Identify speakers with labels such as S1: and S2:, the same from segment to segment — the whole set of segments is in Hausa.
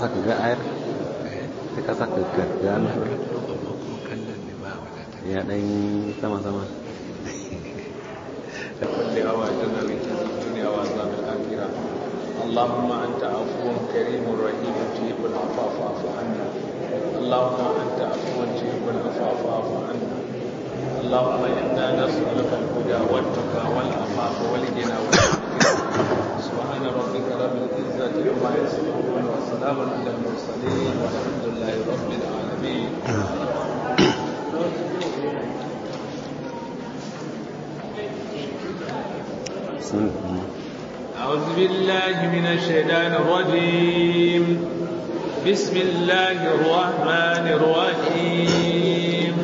S1: kasa ka ga ayar ta kasa ka ga gano
S2: ya dan sama sama كل أواجنا من كنز الدنيا وعذاب الآخرة اللهم أنت عفو كريم رحيم تجيب العفو فاعف عنا اللهم أنت عفو تجيب العفو فاعف عنا اللهم إنا نسألك الهدى والتقى والعفاف والغنى والعافية سبحان ربك رب العزة عما يصفون وسلام على المرسلين والحمد لله رب العالمين أعوذ بالله من الشيطان الرجيم بسم الله الرحمن الرحيم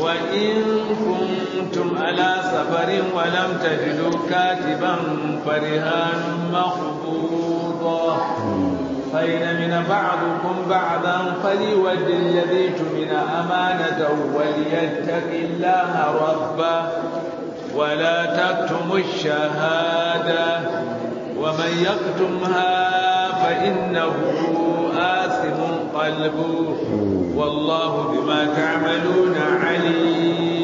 S2: وإن كنتم كنتم على سفر ولم تجدوا كاتبا فرهان مخبوضا فإن من بعضكم بعضا فليود الذي تمن أمانته وليتق الله ربه ولا تكتم الشهادة ومن يكتمها فإنه آثم قلبه والله بما تعملون عليم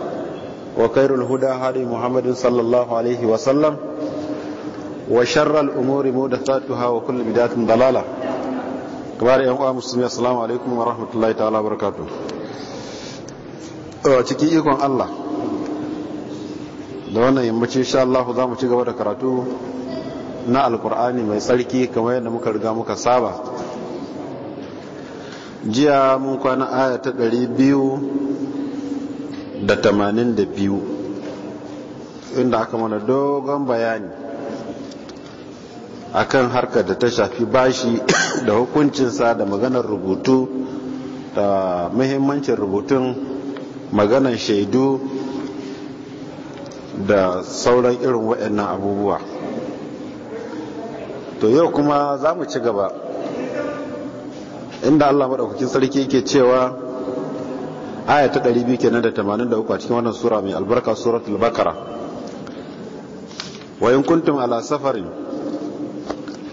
S1: وخير الهدى هدي محمد صلى الله عليه وسلم وشر الأمور محدثاتها وكل بدعة ضلالة كبار يا مسلمين السلام wa ورحمة الله تعالى A cikin ikon Allah da wannan yammaci insha Allah za mu ci gaba da karatu na alkur'ani mai tsarki kamar yadda muka riga muka saba jiya mun kwana aya ta biyu. da tamanin da biyu inda aka mana dogon bayani akan harkar da ta shafi bashi da hukuncinsa da maganar rubutu da muhimmancin rubutun maganar shaidu da sauran irin waɗannan abubuwa to yau kuma za mu ci gaba inda allah maɗaukakin sarki ke cewa aya ta 200 kenan da 83 a cikin wannan sura mai albarka suratul bakara wa in kuntum ala safarin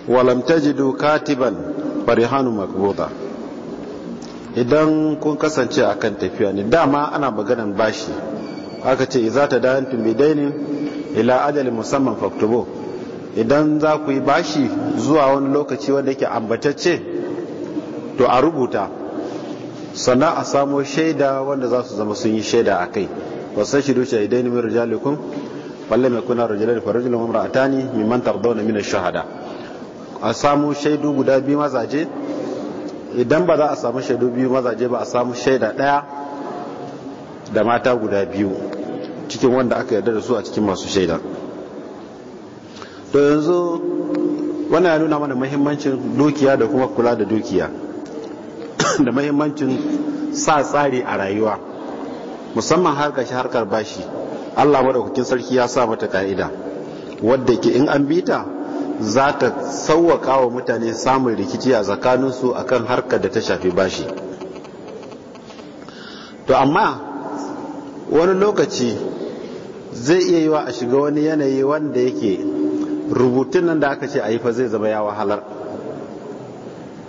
S1: wa lam tajidu katiban hannu makbuda idan kun kasance a kan tafiya ne dama ana maganan bashi aka ce idza tadayantum bidainin ila ajalin musamman faktubo idan za ku yi bashi zuwa wani lokaci wanda yake ambatacce to a rubuta sannan a samo shaida wanda za su zama sun yi shaida a kai wasan shi duce idan min rijalikum balle mai kuna rijalai a rajulun imra'atani mimman tardawna min ash shahada a samu shaidu guda biyu mazaje idan ba za a samu shaidu biyu mazaje ba a samu shaida daya da mata guda biyu cikin wanda aka yarda da su a cikin masu shaida to yanzu wannan ya nuna mana muhimmancin dukiya da kuma kula da dukiya da mahimmancin sa tsari a rayuwa musamman harkar shi harkar bashi Allah madaukakin sarki ya sa mata ka'ida wadda ke in an bita za ta sauwaka wa mutane samun rikici a tsakaninsu kan harkar da ta shafi bashi to amma wani lokaci zai iya yiwa a shiga wani yanayi wanda yake rubutun nan da aka ce a yi fa zai zama ya wahalar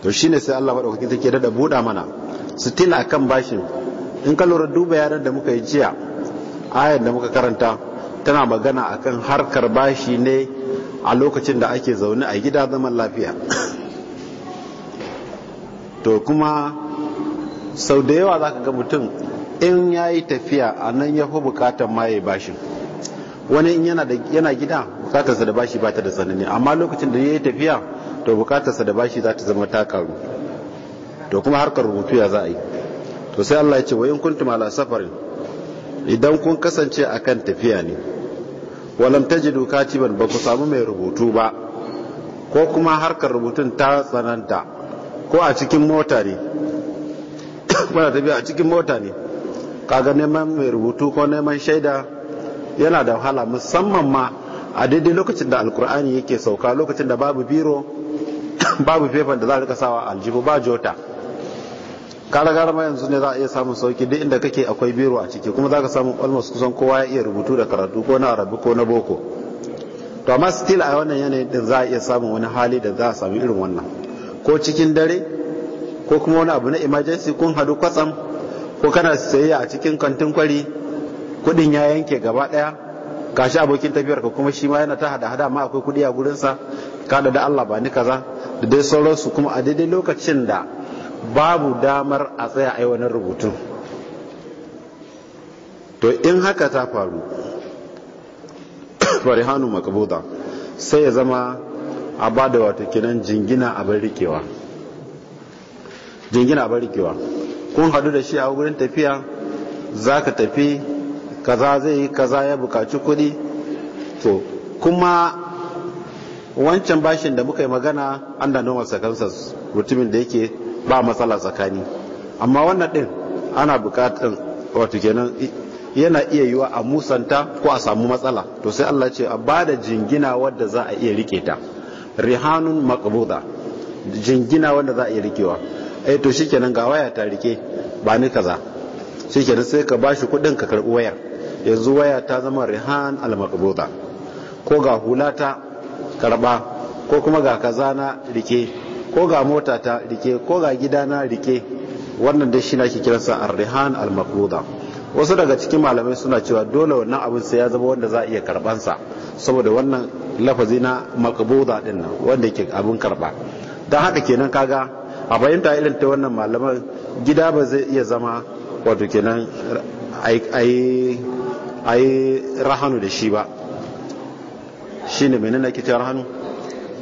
S1: to shi ne sai Allah madaukakin take da buɗa mana su a kan bashin in ka lura duba yaran da muka yi jiya ayan da muka karanta tana magana a kan harkar bashi ne a lokacin da ake zaune a gida zaman lafiya to kuma sau da yawa za ka ga mutum in ya yi tafiya a nan ya fi bukatar maye bashin wani in yana gida bukatarsa da bashi ba ta da tsanani amma lokacin da ya yi tafiya to bukatarsa da bashi za ta zama ta karu to kuma harkar rubutu ya za a yi to sai Allah ya ce wa in kuntum ala safarin idan kun kasance akan tafiya ne walam tajidu katiban ba ku samu mai rubutu ba ko kuma harkar rubutun ta tsananta ko a cikin mota ne kuma tafiya a cikin mota ne kaga neman mai rubutu ko neman shaida yana da wahala musamman ma a daidai lokacin da alkur'ani yake sauka lokacin da babu biro babu fefan da za a rika sawa aljihu ba jota kara gara ma yanzu ne za a iya samun sauki duk inda kake akwai biro a ciki kuma za ka samu almost kusan kowa ya iya rubutu da karatu ko na rabu ko na boko to amma still a wannan yanayin din za a iya samun wani hali da za a sami irin wannan ko cikin dare ko kuma wani abu na emergency kun hadu kwatsam ko kana sayayya a cikin kantin kwari kudin ya yanke gaba daya gashi abokin tafiyar ka kuma shi ma yana ta hada hada amma akwai kudi a gurinsa kada da Allah ba ni kaza da dai sauransu kuma a daidai lokacin da babu damar a tsaya a yi wani rubutun to in haka ta faru farihanu makabuda sai ya zama a ba da wato kinan jingina a barikewa jingina a barikewa kun hadu da shi a wurin tafiya za ka tafi kaza zai yi kaza ya bukaci kuɗi to kuma wancan bashin da muka yi magana an da noma mutumin da yake ba matsala tsakani amma wannan din ana bukatar wato kenan yana iya yiwa a musanta ko a samu matsala to sai Allah ce a ba jingina wadda za a iya rike ta rihanun maqbuda jingina wanda za a iya rikewa eh to shikenan ga waya ta rike ba ni kaza shikenan sai ka bashi kudin ka karbi waya. yanzu waya ta zama rihan al maqbuda ko ga hula ta. karba ko kuma ga kaza na rike ko ga mota ta rike ko ga gida na rike wannan dai shine ake kiransa a rihan al-maqruda wasu daga cikin malamai suna cewa dole wannan abin sai ya zama wanda za a iya sa saboda wannan lafazi na maqbuda din nan wanda yake abin karba dan haka kenan kaga a bayanta irin ta wannan malamai gida ba zai iya zama wato kenan ai ai rahanu da shi ba ne mai nuna kitiyar hannu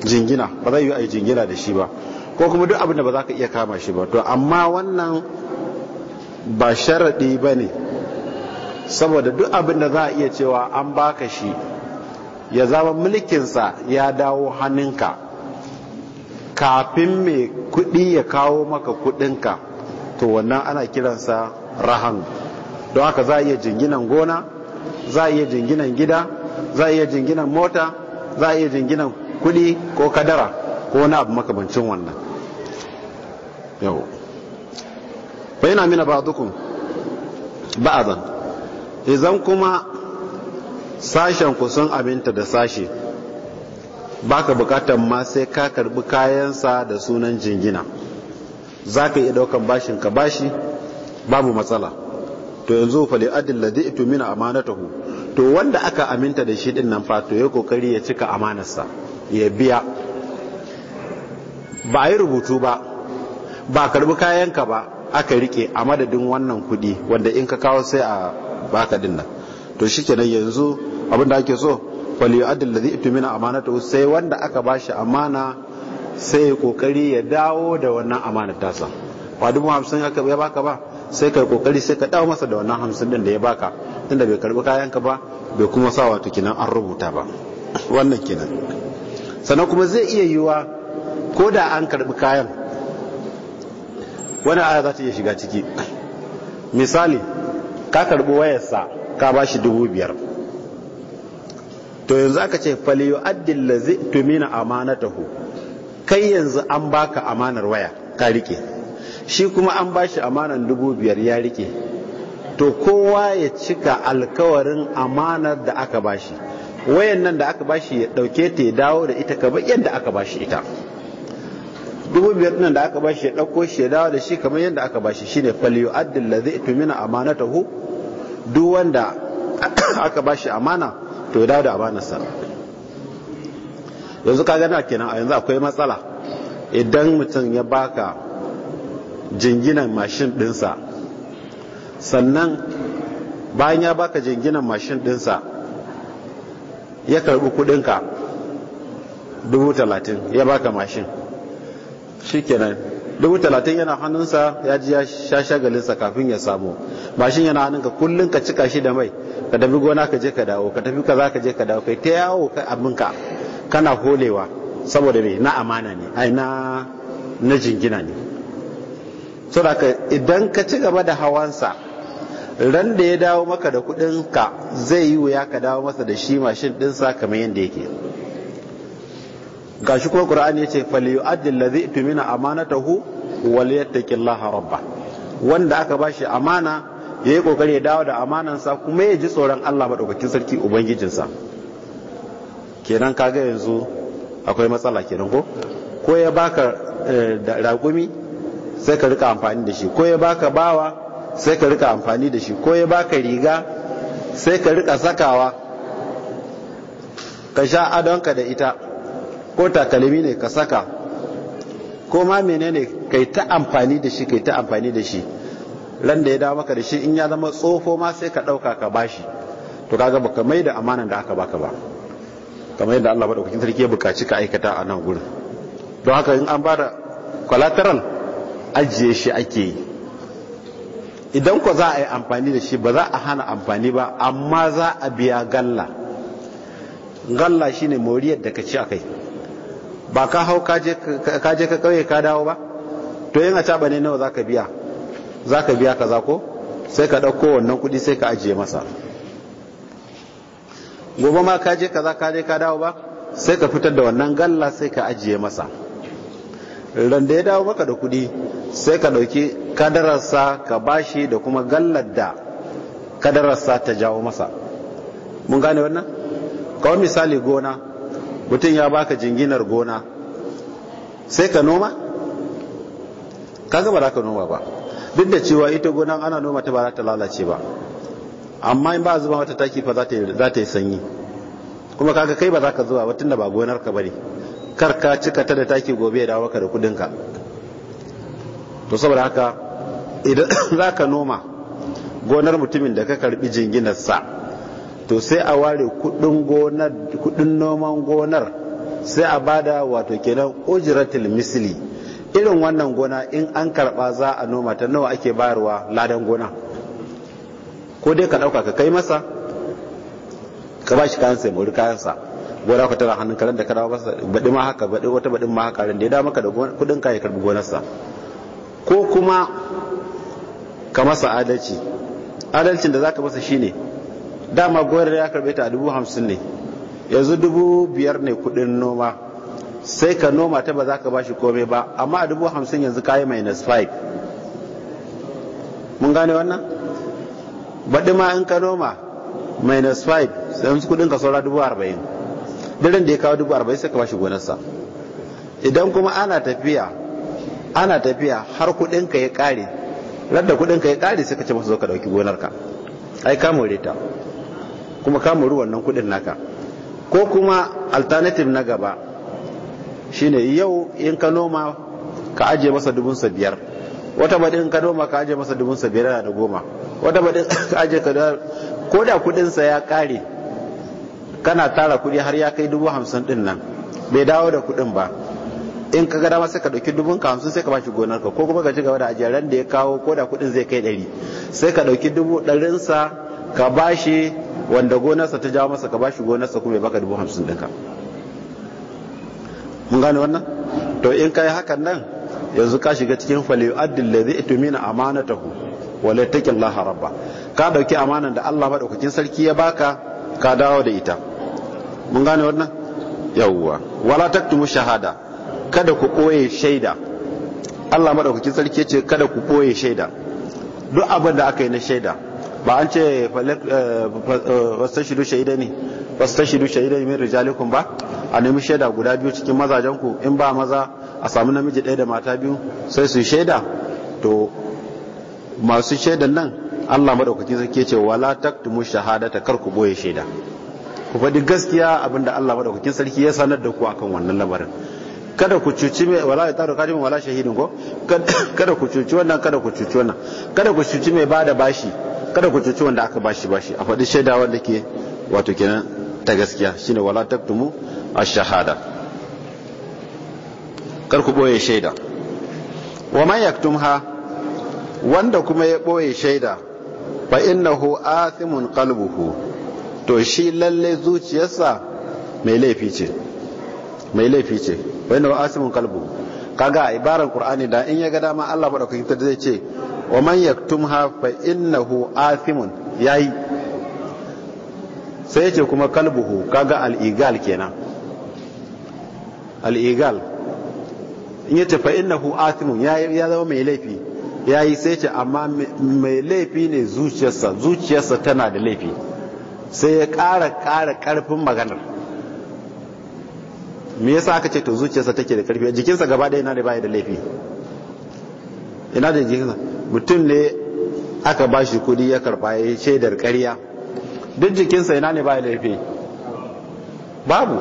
S1: jingina ba zai yi a jingina da shi ba ko kuma duk abin da ba za ka iya kama shi ba to amma wannan ba sharaɗi ba ne saboda duk abin da za a iya cewa an baka shi ya zama mulkinsa ya dawo hannunka kafin mai kuɗi ya kawo maka kuɗinka to wannan ana kiransa rahan don haka za a iya jinginan gona za a iya jinginan gida za a iya jinginan mota za a iya jinginan kuɗi ko kadara ko wani abu makamancin wannan yau bai yana mina ba'dukum ba'dan izan kuma sashen kusan abinta da sashe Ba ka bukatar ma sai ka karbi kayansa da sunan jingina za ka iya daukan bashin ka bashi babu matsala to yanzu fali adil ladhi tu mina amanatahu to wanda aka aminta da shi din nan fa to ya kokari ya cika amanarsa ya biya ba a yi rubutu ba ba karbi kayanka ba aka rike a madadin wannan kudi wanda in ka kawo sai a baka din nan to shikenan yanzu abinda ake so fali adil ladhi itmina amanata sai wanda aka bashi amana sai kokari ya dawo da wannan amanar tasa ba dubu hamsin aka ya baka ba sai ka kokari sai ka dawo masa da wannan hamsin din da ya baka tunda bai karbi kayan ka ba bai kuma sa wato kinan an rubuta ba wannan kinan sannan kuma zai iya yiwa ko da an karbi kayan wani aya za ta iya shiga ciki misali ka karbi wayarsa ka ba shi dubu biyar to yanzu aka ce faliyo addin lazi tumina amanatahu kai yanzu an baka amanar waya ka rike shi kuma an ba shi amanan dubu biyar ya rike to kowa ya cika alkawarin amanar da aka ba shi wayan nan da aka ba shi ya ɗauke ta ya dawo da ita kamar yadda aka ba shi ita dubu biyar nan da aka ba shi ya ɗauko shi ya dawo da shi kamar yadda aka ba shi shine faliyu addin la zai tumina amanatahu duk wanda aka ba shi amana to ya dawo da amanarsa yanzu ka gana kenan a yanzu akwai matsala idan mutum ya baka jinginan mashin dinsa sannan bayan ya baka jinginan mashin dinsa ya kuɗin kudinka dubu talatin ya baka mashin shikenan dubu talatin yana hannunsa ya ji ya sha shagalinsa kafin ya samu mashin yana hannunka kullum ka cika shi da mai ka tafi gona ka je ka dawo ka tafi kaza ka je ka dawo kai ta yawo ka abinka kana holewa saboda mai na amana ne ai na jingina ne saboda idan ka ci gaba da hawansa ran da ya dawo maka da ka zai yi wuya ka dawo masa da shi mashin dinsa kamar yadda yake gashi ko qur'ani yace falyu'addi zai tumina ta wal yattaqillaha rabba wanda aka ba shi amana ya yi ƙoƙari ya dawo da amanansa kuma ya ji tsoron Allah Maɗaukakin sarki ubangijinsa kenan kaga yanzu akwai matsala kenan ko ko ya baka eh, da raƙumi sai ka rika amfani da shi ko ya baka bawa sai ka rika amfani da shi ko ya baka riga sai ka rika sakawa ka sha adonka da ita ko takalmi ne ka saka ko ma menene kai ta amfani da shi kai ta amfani da shi ran da ya dawo maka da shi in ya zama tsofo ma sai ka ɗauka ka bashi to kaga baka mai da amanan da aka baka ba kamar yadda Allah madaukakin sarki ya bukaci ka aikata a nan gurin don haka in an bada collateral ajiye shi ake yi idan ko za a yi amfani da shi ba za a hana amfani ba amma za a biya galla galla shine moriyar da ka ci akai ba ka hau kaje ka kauye ka dawo ba to yin a ne nawa za ka biya za ka biya kaza ko sai ka ɗauko wannan kuɗi sai ka ajiye masa gobe ma kaje ka za ka dawo ba sai ka fitar da wannan galla sai ka ajiye masa ran ya dawo maka da kuɗi sai ka ɗauki kadararsa ka bashi da kuma gallar da kadararsa ta jawo masa mun gane wannan kawo misali gona mutum ya baka jinginar gona sai ka noma ka gaba da ka noma ba duk da cewa ita gona ana noma ta ba za ta lalace ba amma in ba zuba mata taki fa za ta yi sanyi kuma kaga kai ba za ka zuwa ba tunda ba gonar ka bane kar ka cika ta da taki gobe ya waka da kudinka to saboda haka idan za ka noma gonar mutumin da ka karbi jinginarsa to sai a ware kudin noman gonar sai a bada wato kenan ujratul misli irin wannan gona in an karba za a noma ta nawa ake bayarwa ladan gona ko dai ka dauka ka kai masa ka bashi shi kayan sai muri kayansa gona ka tara hannun karen da ka dawo masa baɗi ma haka baɗi wata baɗin ma haka da ya dawo maka da kuɗin ka ya karɓi gonarsa ko kuma ka masa adalci adalcin da zaka masa shine dama gonar ya karɓe ta a dubu hamsin ne yanzu dubu biyar ne kuɗin noma sai ka noma ta ba za ka bashi komai ba amma a dubu hamsin yanzu kayi minus 5 mun gane wannan baɗi ma in ka noma minus 5 sai kudin ka saura dubu arba'in daren da ya kawo dubu arba'in sai ka bashi gonarsa idan kuma ana tafiya ana tafiya har kuɗin ka ya ƙare ladda kuɗin ka ya ƙare sai ka ce masa zo ka ɗauki gonarka ai ka more ta kuma ka muri wannan kuɗin naka ko kuma alternative na gaba shine yau in ka noma ka ajiye masa dubunsa biyar wata baɗin ka noma ka ajiye masa dubunsa biyar da goma wata baɗin ka ajiye ka ko da kuɗinsa ya ƙare kana tara kuɗi har ya kai dubu hamsin ɗin nan bai dawo da kuɗin ba in ka ga dama sai ka ɗauki dubun ka hamsin sai ka bashi gonar ka ko kuma ka ci gaba da ajiyar da ya kawo ko da kuɗin zai kai ɗari sai ka ɗauki dubu ɗarinsa ka bashi wanda gonarsa ta jawo masa ka bashi gonarsa kuma ya baka dubu hamsin ɗinka mun gane wannan to in ka yi hakan nan yanzu ka shiga cikin faliyu addin da zai itumina amanatahu wala taƙin laha rabba ka ɗauki amanan da allah maɗaukakin sarki ya baka ka dawo da ita mun gane wannan yawwa wala taktumu shahada kada ku ɓoye shaida Allah madaukakin sarki ce kada ku ɓoye shaida duk abin da aka yi na shaida ba an ce fastashidu eh, eh, shaida ne fastashidu shaida min rijalikum ba a nemi shaida guda biyu cikin mazajen ku in ba maza a samu namiji ɗaya da mata biyu sai su shaida to masu shaidan nan Allah madaukakin sarki ce wala taktumu shahadata kar ku boye shaida ku faɗi gaskiya abinda Allah madaukakin sarki ya sanar da ku akan wannan lamarin kada ku cuci mai wala ya taru kalimin wala shahidin ko kada ku cuci wannan kada ku cuci wannan kada ku cuci mai bada bashi kada ku cuci wanda aka bashi bashi a faɗi shaida wanda ke wato kenan ta gaskiya shine wala taktumu ash-shahada kar ku boye shaida wa man yaktumha wanda kuma ya boye shaida fa innahu athimun qalbuhu to shi lalle zuciyarsa mai laifi ce mai laifi ce fa innahu athimun qalbuhu kaga a qur'ani da in ya ga dama Allah madaukakin ta zai ce wa man yaktumha fa innahu athimun yayi sai ce kuma kalbuhu kaga al-igal kenan al-igal in yace fa innahu athimun ya zama mai laifi ya yi sai ce amma mai laifi ne zuciyarsa zuciyarsa tana da laifi sai ya ƙara ƙara ƙarfin maganar me yasa aka ce to zuciyarsa take da ƙarfi jikinsa gaba ɗaya yana da baya da laifi ina da jikinsa mutum ne aka ba shi kuɗi ya karɓa ya shaidar ƙarya duk jikinsa ina ne baya da laifi babu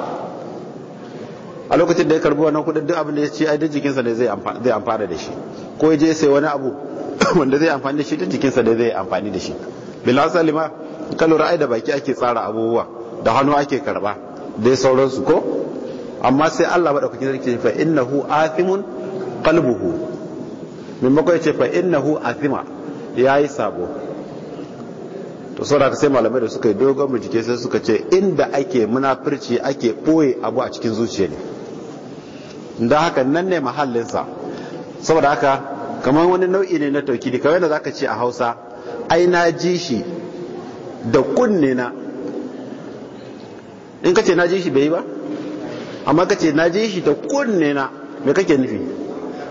S1: a lokacin da ya karbi wannan kudin duk abin da ya ci ai duk jikinsa ne zai amfana da shi ko ya je sai wani abu wanda zai amfani da shi duk jikinsa ne zai amfani da shi bilhassa lima kalu ra'ayi da baki ake tsara abubuwa da hannu ake karba dai sauransu ko amma sai Allah kuke sarki fa innahu athimun qalbuhu maimakon ya ce fa innahu athima yayi sabo to saboda sai malamai da suka yi dogon bincike sai suka ce inda ake munafurci ake boye abu a cikin zuciya ne da haka nan ne mahallinsa saboda haka kamar wani nau'i ne na da kawai da ka ce a hausa ai na ji shi da kunne na in ka ce na ji shi bai ba amma ka ce na ji shi da kunne na me kake nufi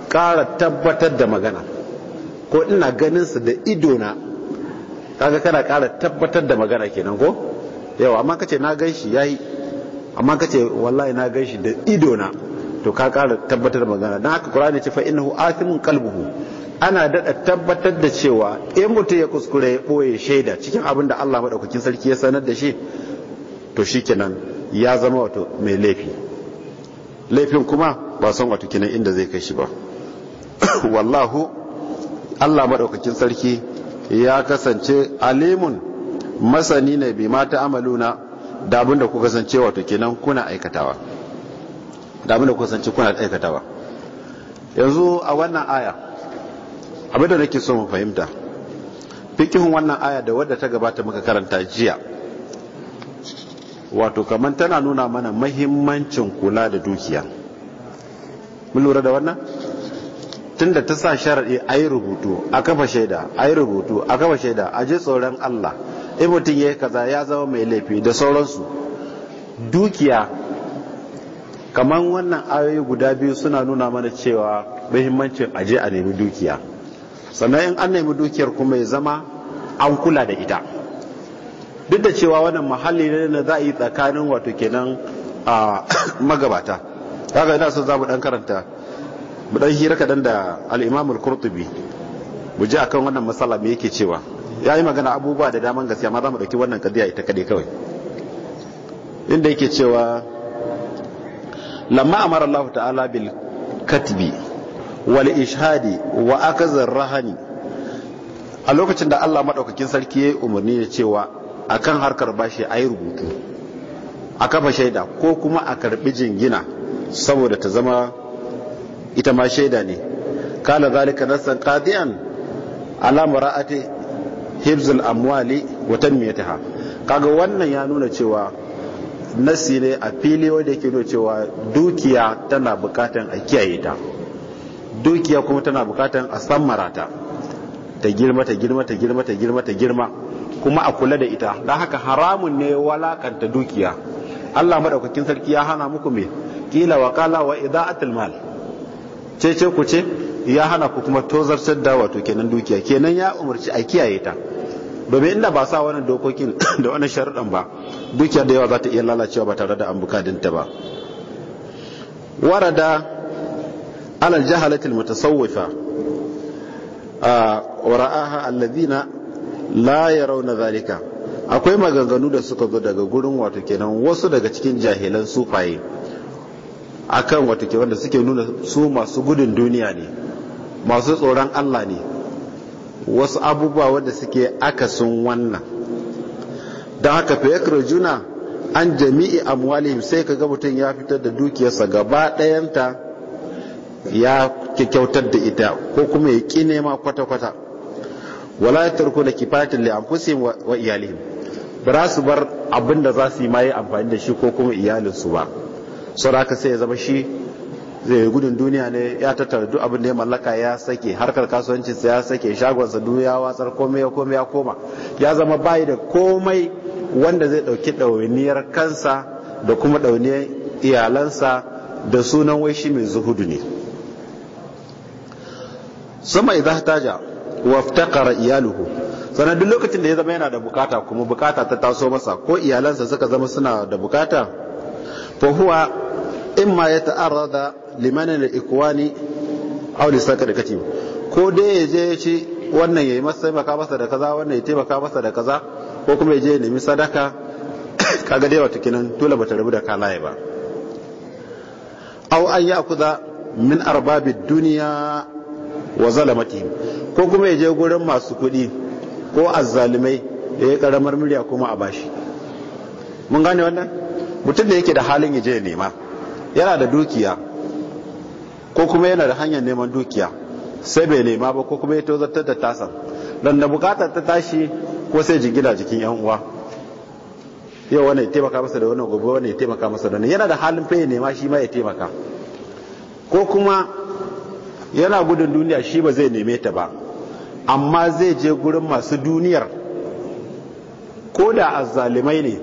S1: ƙara tabbatar da magana ko ina ganin su da ido na kaga kana ƙara tabbatar da magana kenan ko yau amma ka ce na gan shi yi amma ka ce wallahi na gan shi da ido na to ka ƙara tabbatar da magana don haka ne ce fa innahu athimun kalbuhu ana daɗa tabbatar da cewa in mutum ya kuskure ya ɓoye shaida cikin abin da Allah maɗaukakin sarki ya sanar da shi to shi kenan ya zama wato mai laifi laifin kuma ba son wato kinan inda zai kai shi ba wallahu Allah maɗaukakin sarki ya kasance alimun masani ne bi mata amaluna da abin da kuka kasance wato kenan kuna aikatawa da abin da kusanci kuna aikatawa yanzu a wannan aya abin da nake so mu fahimta fikihun wannan aya da wadda ta gabata muka karanta jiya wato kamar tana nuna mana mahimmancin kula da dukiya mun lura da wannan tunda ta sa sharaɗi a yi rubutu a kafa shaida a yi rubutu a kafa shaida a ji tsoron allah in mutum ya yi kaza ya zama mai laifi da sauransu dukiya kamar wannan ayoyi guda biyu suna nuna mana cewa muhimmancin aje a nemi dukiya sannan in an nemi dukiyar kuma ya zama an kula da ita duk da cewa wannan muhalli ne na za a yi tsakanin wato kenan a magabata kaga ina so za mu dan karanta mu dan hira kadan da al-Imam al-Qurtubi mu ji akan wannan matsala me yake cewa yayi magana abubuwa da daman gaskiya ma za mu dauki wannan kadiya ita kade kawai inda yake cewa lamma amara Allah ta'ala katbi wal ishhadi wa a lokacin da Allah madaukakin sarki ya yi umarni da cewa akan harkar bashi a yi rubutu a kafa shaida ko kuma a karɓi jingina saboda ta zama ita ma shaida ne kala zalika nassan qadi'an ala mara'ati hibzul amwali wa tanmiyataha kaga wannan ya nuna cewa nasi ne a fili wanda yake nuna cewa dukiya tana bukatan a kiyaye ta dukiya kuma tana bukatan a sammara ta ta girma ta girma ta girma ta girma ta girma kuma a kula da ita don haka haramun ne walakanta dukiya Allah madaukakin sarki ya hana muku me kila wa kala wa a mal ce ce ku ce ya hana ku kuma tozartar da wato kenan dukiya kenan ya umarci a kiyaye ta domin inda ba sa wannan dokokin da wannan sharuɗan ba dukiyar da yawa za ta iya lalacewa ba tare da an bukadinta ba warada alal jahalatil mutasawwifa a wara'aha alladhina la yarawna zalika akwai maganganu da suka zo daga gurin wato kenan wasu daga cikin jahilan sufaye akan wato ke wanda suke nuna su masu gudun duniya ne masu tsoron Allah ne wasu abubuwa wanda suke akasin wannan don haka fa juna an jami'i amwalihim sai ka ga mutum ya fitar da dukiyarsa gaba ɗayanta ya kyautar da ita ko kuma ya ƙi nema kwata-kwata wala ya tarko da kifatin li amfusi wa iyalihim ba su bar abin da za su yi ma amfani da shi ko kuma iyalinsu ba sau da haka sai ya zama shi zai yi gudun duniya ne ya tattara duk abin da ya mallaka ya sake harkar kasuwancinsa ya sake shagonsa ya watsar komai ya komai ya koma ya zama bayi da komai wanda zai ɗauki ɗauniyar kansa da kuma ɗawainiyar iyalansa da sunan wai shi mai zuhudu ne sama idza taja wa iftaqara iyaluhu sannan duk lokacin da ya zama yana da bukata kuma bukata ta taso masa ko iyalansa suka zama suna da bukata fa imma ya ta'arrada limanin da ikwani auli saka da kace ko dai ya je ya ce wannan ya yi masa taimaka masa da kaza wannan ya taimaka masa da kaza ko kuma ya je ya nemi sadaka kaga dai wata kinan dole bata rabu da kalaye ba aw an kuza min arbabi duniya wa zalamatihim ko kuma ya je gurin masu kuɗi ko azzalimai da ya karamar murya kuma a bashi mun gane wannan mutum da yake da halin ya je nema yana da dukiya ko kuma yana da hanyar neman dukiya sai bai nema ba ko kuma ya tozartar da tasan don da bukatar ta tashi ko sai jingina jikin yan uwa yau wani ya taimaka masa da wani gobe wani ya taimaka masa da wani yana da halin fa ya nema shi ma ya taimaka ko kuma yana gudun duniya shi ba zai neme ta ba amma zai je gurin masu duniyar ko da azzalimai ne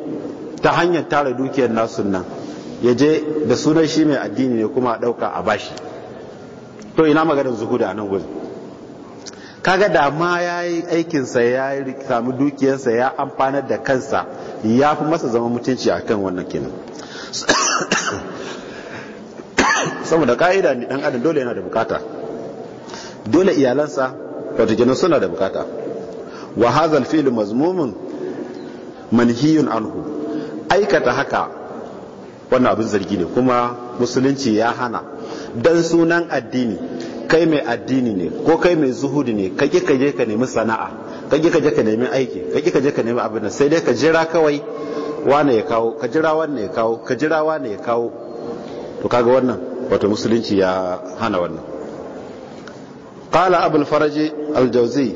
S1: ta hanyar tara dukiyar nasu nan ya je da sunan shi mai addini ne kuma a ɗauka a bashi to ina maganar zuhuda a nan gudu kaga da ma ya yi aikinsa ya samu dukiyarsa ya amfanar da kansa ya fi masa zama mutunci a kan wannan kenan saboda ka'ida ne dan adam dole yana da bukata dole iyalansa wato kenan suna da bukata wa hazal fi'l mazmumun manhiyun anhu aikata haka wannan abin zargi ne kuma musulunci ya hana dan sunan addini kai mai addini ne ko kai mai zuhudi ne kai ka je ka nemi sana'a kai ka je ka nemi aiki kai ka je ka nemi abin sai dai ka jira kawai wane ya kawo ka jira wane ya kawo ka jira wane ya kawo to kaga wannan wato musulunci ya hana wannan qala abul faraj al-jawzi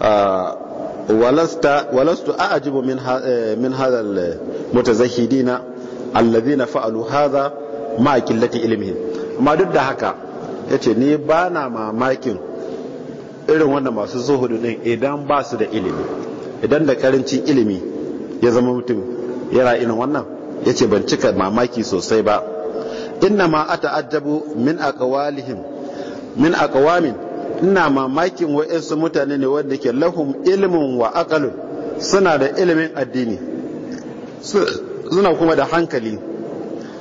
S1: ah, walastu a'ajibu min hadha mutazahidina alladhina fa'alu haza ma qillati ilmihim amma duk da haka yace ni ba na mamakin irin wannan masu zuhudu din idan ba su da ilimi idan da karancin ilimi ya zama mutum yana irin wannan yace ban cika mamaki sosai ba inna ma a min aqwalihim min aqwamin ina mamakin wa'insu mutane ne wanda ke lahun ilimin wa akalun suna da ilimin addini suna kuma da hankali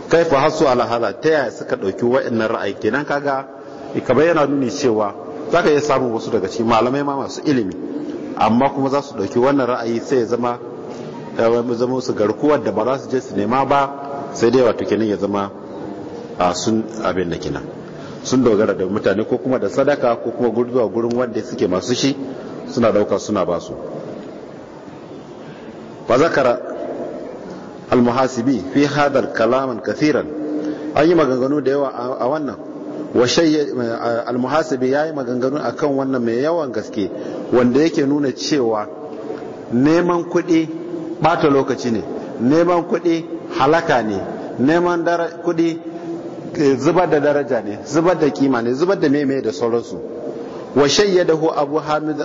S1: kaifa hasu ala ta yaya suka ɗauki wa'annan ra'ayi kenan kaga ka yana nuni cewa za ka iya samun wasu daga cikin malamai ma masu ilimi amma kuma za su ɗauki wannan ra'ayi sai ya zama zama su garkuwar da ba za su je su nema ba sai dai wato kenan ya zama sun abin da kenan sun dogara da mutane ko kuma da sadaka ko kuma zuwa gurin wanda suke masu shi suna dauka suna basu ba zakara almuhasibi fi hadar kalaman kathiran an yi maganganu da yawa a wannan almuhasibi ya yi maganganu a kan wannan mai yawan gaske wanda yake nuna cewa neman kuɗi bata lokaci ne neman kuɗi halaka ne neman kuɗi Eh, zubar da daraja ne zubar da kima ne zubar da meme da sauransu wa shayyadahu abu hamid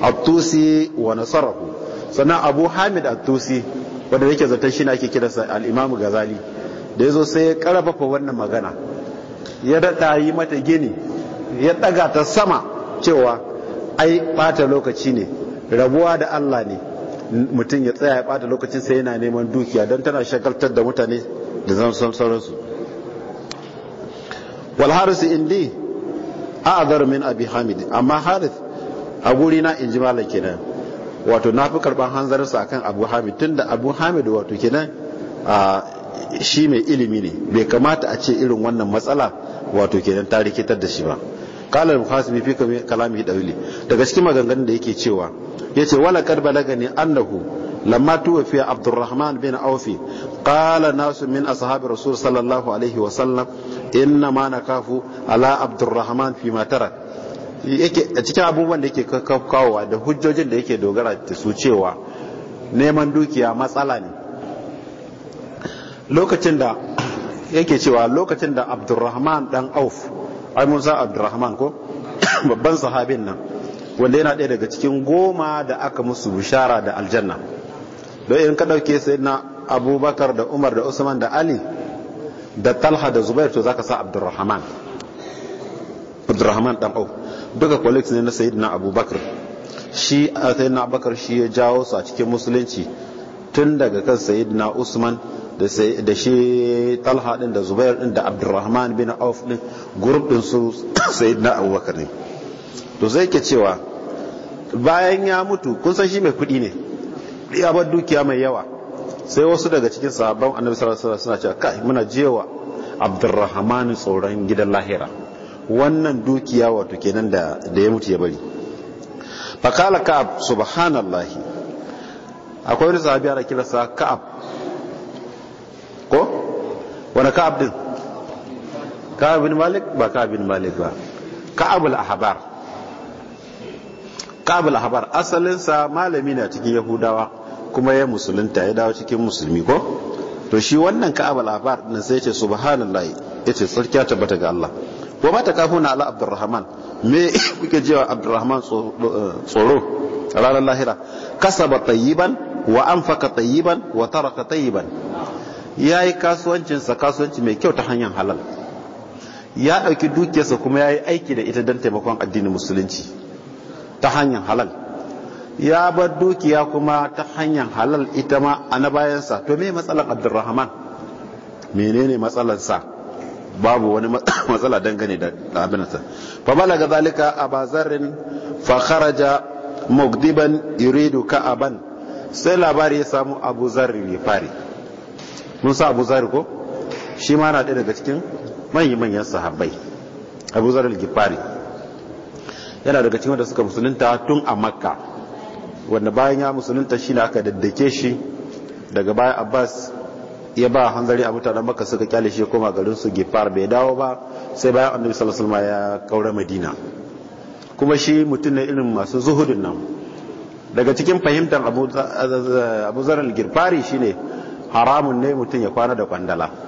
S1: abtusi wa nasarahu sannan abu hamid abtusi tusi wanda yake zaton shi ne ake kiransa al-imamu gazali da zo sai ya karfafa wannan magana ya dada yi mata gini ya daga ta sama cewa ai bata lokaci ne rabuwa da Allah ne mutum ya tsaya ya bata lokacin sai yana neman dukiya don tana shagaltar da mutane da zan sauransu wal indi azar min abi hamid amma harith a guri na ji malam kenan wato na fi karban hanzarinsa akan abu hamid tunda abu hamid wato kenan shi mai ilimi ne bai kamata a ce irin wannan matsala wato kenan ta rikitar da shi ba da al-muhasibi fi kalami dawili daga cikin maganganun da yake cewa yace wala kad balagani annahu lamma tuwfiya abdurrahman bin awfi قال nasu من ashabi الرسول sallallahu alaihi wa sallam inna نكاف على ala الرحمن فيما ma yake a cikin abubuwan da yake kawowa da hujjojin da yake dogara da su cewa neman dukiya matsala ne lokacin da yake cewa lokacin da abdurrahman dan auf ai musa abdurrahman ko babban sahabin nan wanda yana ɗaya daga cikin goma da aka musu bishara da aljanna don in ka ɗauke sai na abubakar da umar da usman da ali da talha da zubair to zaka sa abdurrahman abdurrahman dan au duka colleagues ne na sayyidina abubakar shi a sayyidina abubakar shi ya jawo su a cikin musulunci tun daga kan sayyidina usman da shi talha din da zubair din da abdurrahman bin auf din gurub din su sayyidina abubakar ne to sai ke cewa bayan ya mutu kun san shi mai kuɗi ne ya bar dukiya mai yawa sai wasu daga cikin sahabban annabi sallallahu alaihi wasallam suna cewa kai muna jewa abdurrahman tsoron gidan lahira wannan dukiya wato kenan da da ya mutu ya bari kala ka'ab subhanallahi akwai wani sahabi ana sa ka'ab ko wani ka'ab din ka'ab bin malik ba ka'ab bin malik ba ka'ab al-ahbar ka'ab al-ahbar asalin sa malami na cikin yahudawa kuma ya musulunta ya dawo cikin musulmi ko to shi wannan ka al-ahbar din sai yace subhanallahi yace tsarkiya tabbata ga Allah wa ma takafuna ala abdurrahman me kuke jewa abdurrahman tsoro ranar lahira kasaba tayyiban wa anfaqa tayyiban wa taraka tayyiban yayi kasuwancin sa kasuwanci mai kyau ta hanyar halal ya dauki dukiyarsa kuma yayi aiki da ita dan taimakon addinin musulunci ta hanyar halal ya bar dukiya kuma ta hanyar halal ita ma a na bayansa to me matsalar abdurrahman menene matsalarsa babu wani matsala dangane da abinsa fa balaga zalika abazarin fa kharaja mugdiban yuridu ka'aban sai labari ya samu abu zarri ne fari mun sa abu zarri ko shi ma na daga cikin manyan sahabbai abu zarri gifari yana daga cikin wanda suka musulunta tun a makka wanda bayan ya musulunta shi ne aka daddake shi daga bayan abbas ya ba hanzari a mutanen maka suka kyale shi koma garin su gifar bai dawo ba sai bayan annabi sallallahu alaihi wasallam ya kaura madina kuma shi mutum ne irin masu zuhudin nan daga cikin fahimtar abu zarar girfari shine haramun ne mutum ya kwana da kwandala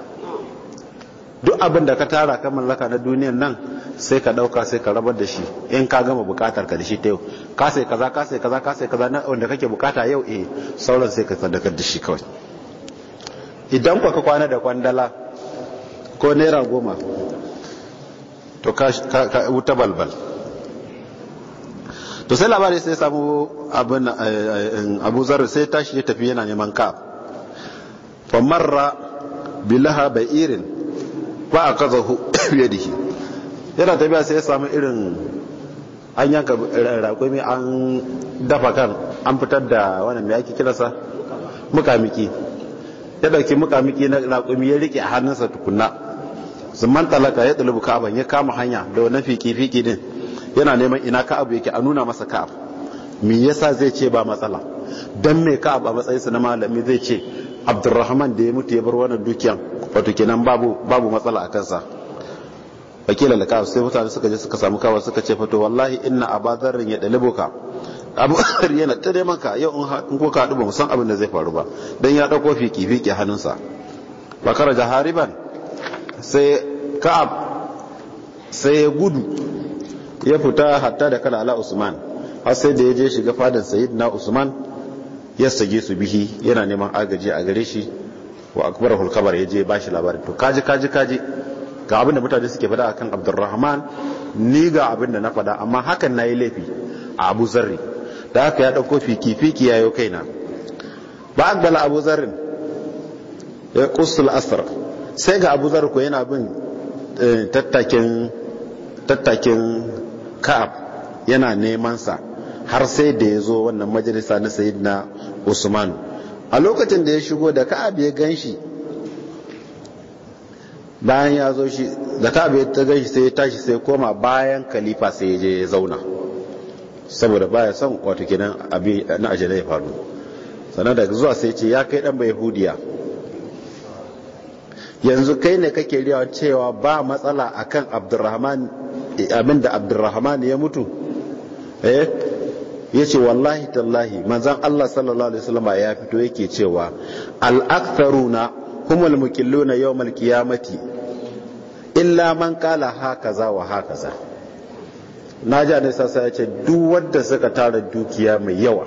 S1: duk abin da ka tara ka mallaka na duniyan nan sai ka dauka sai ka rabar da shi in ka gama bukatar ka da shi ta yau ka sai kaza ka sai kaza ka sai kaza na wanda kake bukata yau eh sauran sai ka sadakar da shi kawai idan ku ka kwana da kwandala ko naira goma to ka wuta balbal to sai labari sai samu abin eh, eh, abu zarar sai tashi ya tafi yana neman ka Fa marra bilaha bai irin ba a kaza fiye da shi yana tafiya sai ya samu irin an yanka raƙumi an dafa kan an fitar da wani mai ake kirasa mukamiki ya ɗauki mukamiki na raƙumi ya riƙe a hannunsa tukunna zuman talaka ya ɗalibu ka'aban ya kama hanya da wani fiki-fiki din yana neman ina ka'ab yake a nuna masa ka'ab me yasa zai ce ba matsala don me ka'ab a matsayinsa na malami zai ce abdurrahman da ya mutu ya bar wannan dukiyan wato kenan babu babu matsala a kansa da kawo sai mutane suka je suka samu kawo suka ce fato wallahi inna abadarin ya ka abu yana ta neman yau in ko ka ba san abin da zai faru ba dan ya dauko fiki fiki hannunsa bakara jahariban sai ka'ab sai ya gudu ya fita hatta da kala ala usman har sai da ya je shiga sayid na usman yasta su bihi yana neman agaji a gare shi wa akbar hulkabar ya je ba shi labarin to kaji kaji kaji ga abin da mutane suke faɗa akan abdurrahman ni ga abin da na faɗa amma hakan na yi laifi a abu zarri da haka ya ɗauko fiki fiki ya yi kaina ba akbala abu zarrin ya kustul asar sai ga abu zarri ko yana bin eh, tattakin tattakin ka'ab yana neman sa har sai da ya zo wannan majalisa na na usman a lokacin da ya shigo da ka'ab ya gan shi bayan ya zo shi da ka'ab ya ta gan shi sai ya tashi sai koma bayan kalifa sai ya je ya zauna saboda baya son wato kenan abin na ajiyar ya faru sannan daga zuwa sai ce ya kai dan bai hudiya yanzu kai ne kake riyawa cewa ba matsala akan abdurrahman abinda abdurrahman ya mutu eh ya ce wallahi tallahi manzan Allah sallallahu alaihi wasallam ya fito yake cewa al na yau mulki ya mati, illa man kala za wa haka za. na ja ne sassa ya ce duk wadda suka tara dukiya mai yawa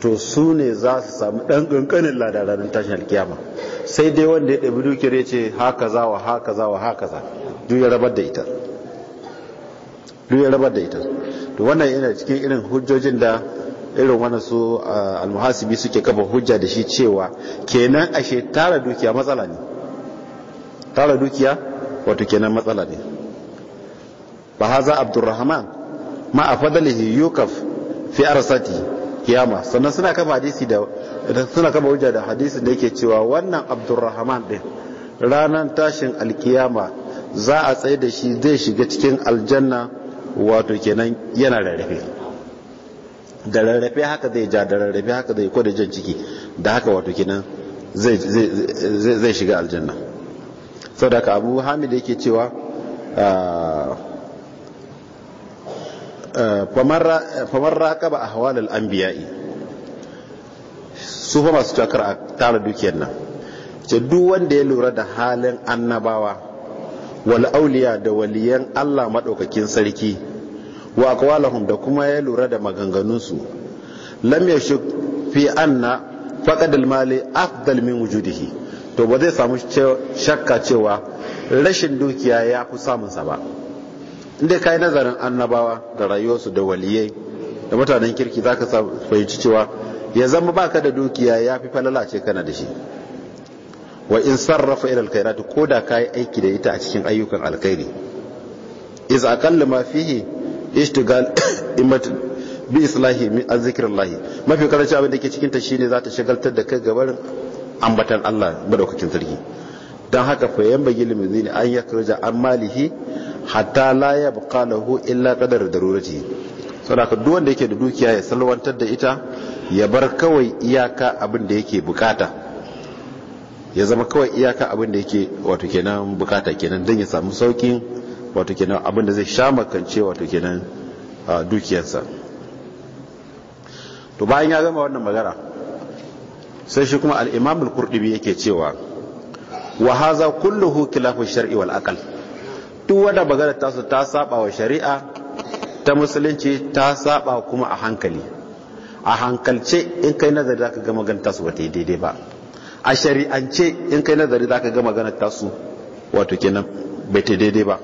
S1: to su ne za su samu ɗan ƙanƙanin ladararin tashin alkiyama sai dai wanda ya ɗabi dukiyar ya ce haka za wa haka za wa haka za duk ya rabar da ita to wannan yana cikin irin hujjojin da irin wannan su almuhasibi suke kafa hujja da shi cewa kenan ashe tara dukiya matsala ne tara dukiya wato kenan matsala ne ba haza abdurrahman ma a fadalihi yukaf fi arsati kiyama sannan suna kafa hadisi da suna kafa hujja da hadisin da yake cewa wannan abdurrahman din ranar tashin alkiyama za a tsaye da shi zai shiga cikin aljanna wato kenan yana rarrafe da rarrafe haka zai ja da rarrafe haka zai ko jan ciki da haka wato kenan zai shiga aljanna sau da abu hamid yake cewa ah, ah, famar raka ba a hawalar an biya'i su fa masu cakar a tara dukiyar nan ce duk wanda ya lura da halin annabawa wal auliya da waliyan Allah madaukakin sarki wa aqwalahum da kuma ya lura da maganganunsu lam yashuk fi anna faqad al mali afdal min wujudihi to ba zai samu shakka cewa rashin dukiya ya fi samun sa ba inda kai nazarin annabawa da rayuwarsu da waliyai da mutanen kirki zaka fahimci cewa ya zama baka da dukiya ya fi falalace kana da shi wa in sarrafa ila alkhairati ko da kai aiki da ita a cikin ayyukan alkhairi iz aqall ma fihi ishtigal immat bi islahi min mafi karanci abin da ke cikin ta shine za ta shagaltar da kai gabar ambatan Allah madaukakin sarki dan haka fa yan bagi limizini an yakraja an malihi hatta la yabqa lahu illa qadar darurati saboda duk wanda yake da dukiya ya salwantar da ita ya bar kawai iyaka abin da yake bukata ya zama kawai iyaka abin da yake wato kenan bukata kenan don ya samu saukin wato kenan abin da zai sha makance wato kenan dukiyarsa to bayan ya zama wannan magana sai shi kuma al-imam biyu yake cewa wa hadha kulluhu khilafu shar'i wal aql duk wanda magana ta su ta saba wa shari'a ta musulunci ta saba kuma a hankali a hankalce in kai nazari zaka ga magana ta su ba daidai ba a shari'ance in kai nazari za ka ga maganar tasu wato kenan bai ta daidai ba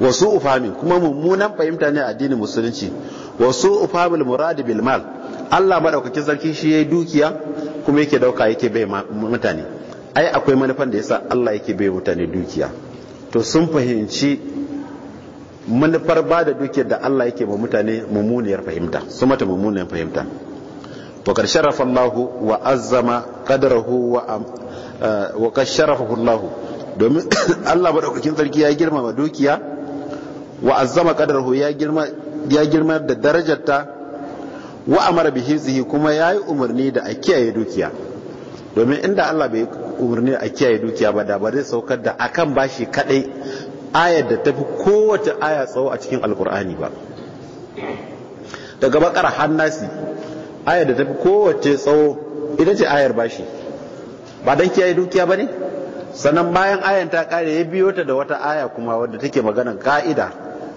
S1: wasu ufami kuma mummunan fahimta ne a addinin musulunci wasu ufamil muradi bil Allah maɗaukaki sarki shi yi dukiya kuma yake dauka yake bai mutane ai akwai manufan da yasa Allah yake bai mutane dukiya to sun fahimci manufar ba da dukiyar da Allah yake ba mutane mummuniyar fahimta sun mata mummuniyar fahimta وقد شرف الله وعظم قدره وقد شرفه الله domin Allah madaukakin sarki ya girmama dukiya wa azzama qadarhu ya girma ya girma da darajarta wa amara bi hifzihi kuma yayi umarni da a kiyaye dukiya domin inda Allah bai umarni a kiyaye dukiya ba da ba zai saukar da akan bashi kadai aya da tafi kowace aya tsawo a cikin alkur'ani ba daga bakar hannasi ayar da tafi kowace tsawo ita ce ayar ba shi, ba don kiyaye dukiya ba ne sannan bayan ayan ta kare ya biyo ta da wata aya kuma wadda take maganar ka'ida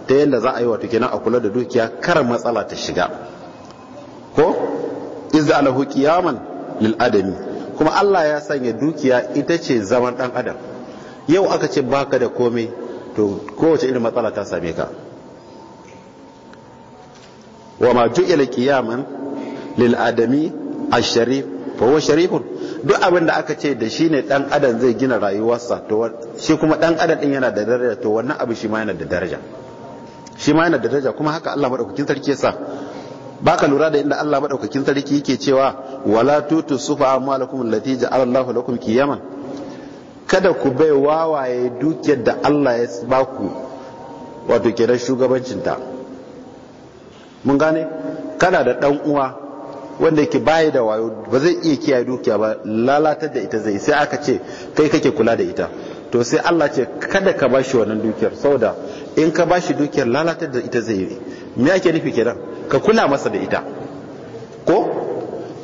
S1: ta yadda za a yi wata kenan a kula da dukiya kar matsala ta shiga ko izda alahu qiyaman lil adami kuma Allah ya sanya dukiya ita ce zaman dan adam yau aka ce baka da komai to kowace irin matsala ta same ka wa ma ju'ila qiyaman lil adami ash-sharif fa huwa duk abin da aka ce da shine dan adam zai gina rayuwarsa to shi kuma dan adam din yana da daraja to wannan abu shi ma yana da daraja shi ma yana da daraja kuma haka Allah madaukakin sarki yasa baka lura da inda Allah madaukakin sarki yake cewa wala tutu sufa amalakum allati ja'ala Allahu lakum qiyaman kada ku bai wawaye dukiyar da Allah ya ba ku wato kenan shugabancinta mun gane kana da dan uwa wanda yake baya da wayo ba zai iya kiyaye dukiya ba lalatar da ita zai sai aka ce kai kake kula da ita to sai Allah ce kada ka bashi wannan dukiyar saboda in ka bashi dukiyar lalatar da ita zai yi me yake nufi kenan ka kula masa da ita ko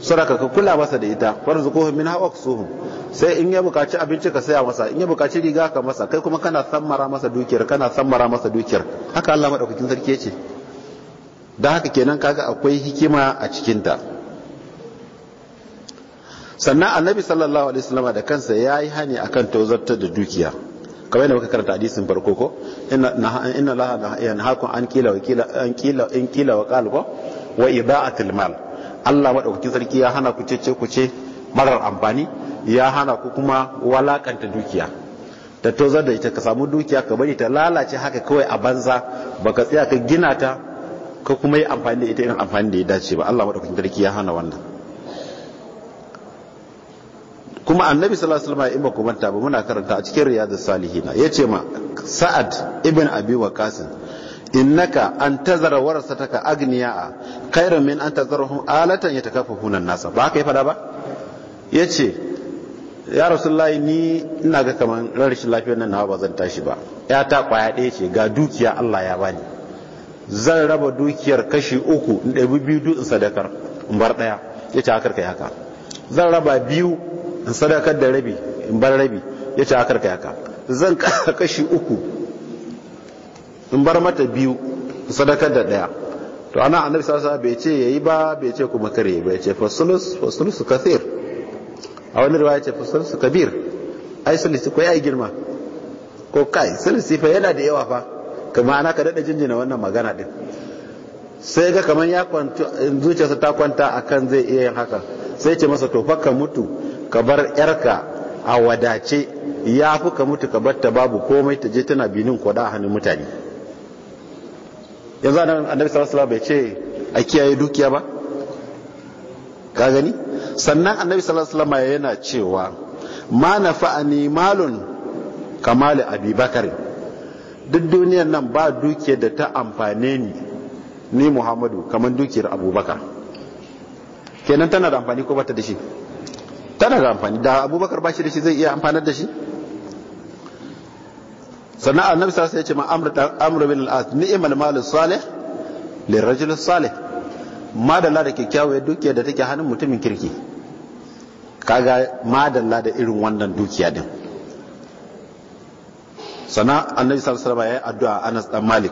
S1: saraka ka kula masa da ita farzuquhum min hawaqsuhum sai in ya bukaci abinci ka saya masa in ya bukaci riga ka masa kai kuma kana sammara masa dukiyar kana sammara masa dukiyar haka Allah madaukakin sarki ce dan haka kenan kaga akwai hikima a cikin ta sannan annabi sallallahu alaihi wasallama da kansa ya yi hani akan tozartar da dukiya kamar yadda muka karanta hadisin farko ko inna laha yanhaakum an kila wa kila an in kila wa qal wa ida'atil mal Allah madaukakin sarki ya hana ku cece ku ce marar amfani ya hana ku kuma walakanta dukiya ta tozar da ita ka samu dukiya ka bari ta lalace haka kawai a banza baka tsaya ka gina ta ka kuma yi amfani da ita irin amfani da ya dace ba Allah madaukakin sarki ya hana wannan kuma annabi sallallahu alaihi wasallam in ba ku ba muna karanta a cikin riyadus salihin ce ma sa'ad ibn abi waqas innaka an tazara warasataka agniya'a khairan min an tazarahum alatan yatakaffafuna an-nasa ba haka ya fada ba yace ya rasulullahi ni ina ga kaman rashin lafiyar nan nawa ba zan tashi ba ya ta kwaya ɗaya ce ga dukiya Allah ya bani zan raba dukiyar kashi uku in ɗabi biyu in sadakar in bar ɗaya yace haka kai haka zan raba biyu in sadakar da rabi in bar rabi ya ce haka haka zan kashi uku in bar mata biyu in sadakar da daya to ana annabi sallallahu alaihi wasallam bai ce yayi ba bai ce kuma kare bai ce fasulus fasulus kathir a wani riwaya ce fasulus kabir ai sulisi ko yayi girma ko kai sulisi fa yana da yawa fa kuma ana ka dada jinjina wannan magana din sai ga kamar ya kwanta zuciyarsa ta kwanta akan zai iya yin haka sai ce masa to fakka mutu ka bar yarka a wadace ya fi ka mutu ka bar ta babu komai ta je tana binin kwada a hannun mutane yanzu anan annabi sallallahu alaihi bai ce a kiyaye dukiya ba ka gani sannan annabi sallallahu alaihi yana cewa ma nafa'ani malun kamali abubakar duk duniyar nan ba dukiyar da ta amfane ni ni muhammadu kamar dukiyar abubakar kenan tana da amfani ko bata da shi tana da amfani da abubakar ba shi da shi zai iya amfanar da shi sannan annabi sa sai ya ce ma amr bin al-as ni'mal malus salih lirajul salih madalla da kyakkyawar dukiya da take hannun mutumin kirki kaga madalla da irin wannan dukiya din Sannan annabi sallallahu alaihi ya yayi addu'a Anas dan Malik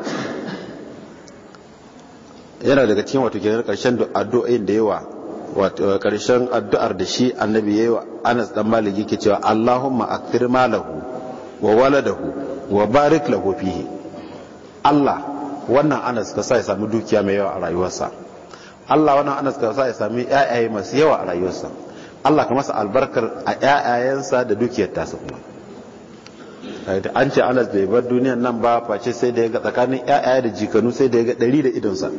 S1: yana daga cikin wato gidan karshen addu'o'in da yawa wato karshen addu'ar da shi annabi yayi wa Anas dan maliki ke cewa Allahumma akthir malahu wa waladahu wa barik lahu fihi Allah wannan Anas ka sa ya sami dukiya mai yawa a rayuwarsa Allah wannan Anas ka sa ya sami ƴaƴaye masu yawa a rayuwarsa Allah ka masa albarkar a ƴaƴayensa da dukiyar tasa kuma an ce Anas bai bar duniyar nan ba face sai da ya ga tsakanin ƴaƴaye da jikanu sai da ya ga ɗari da idonsa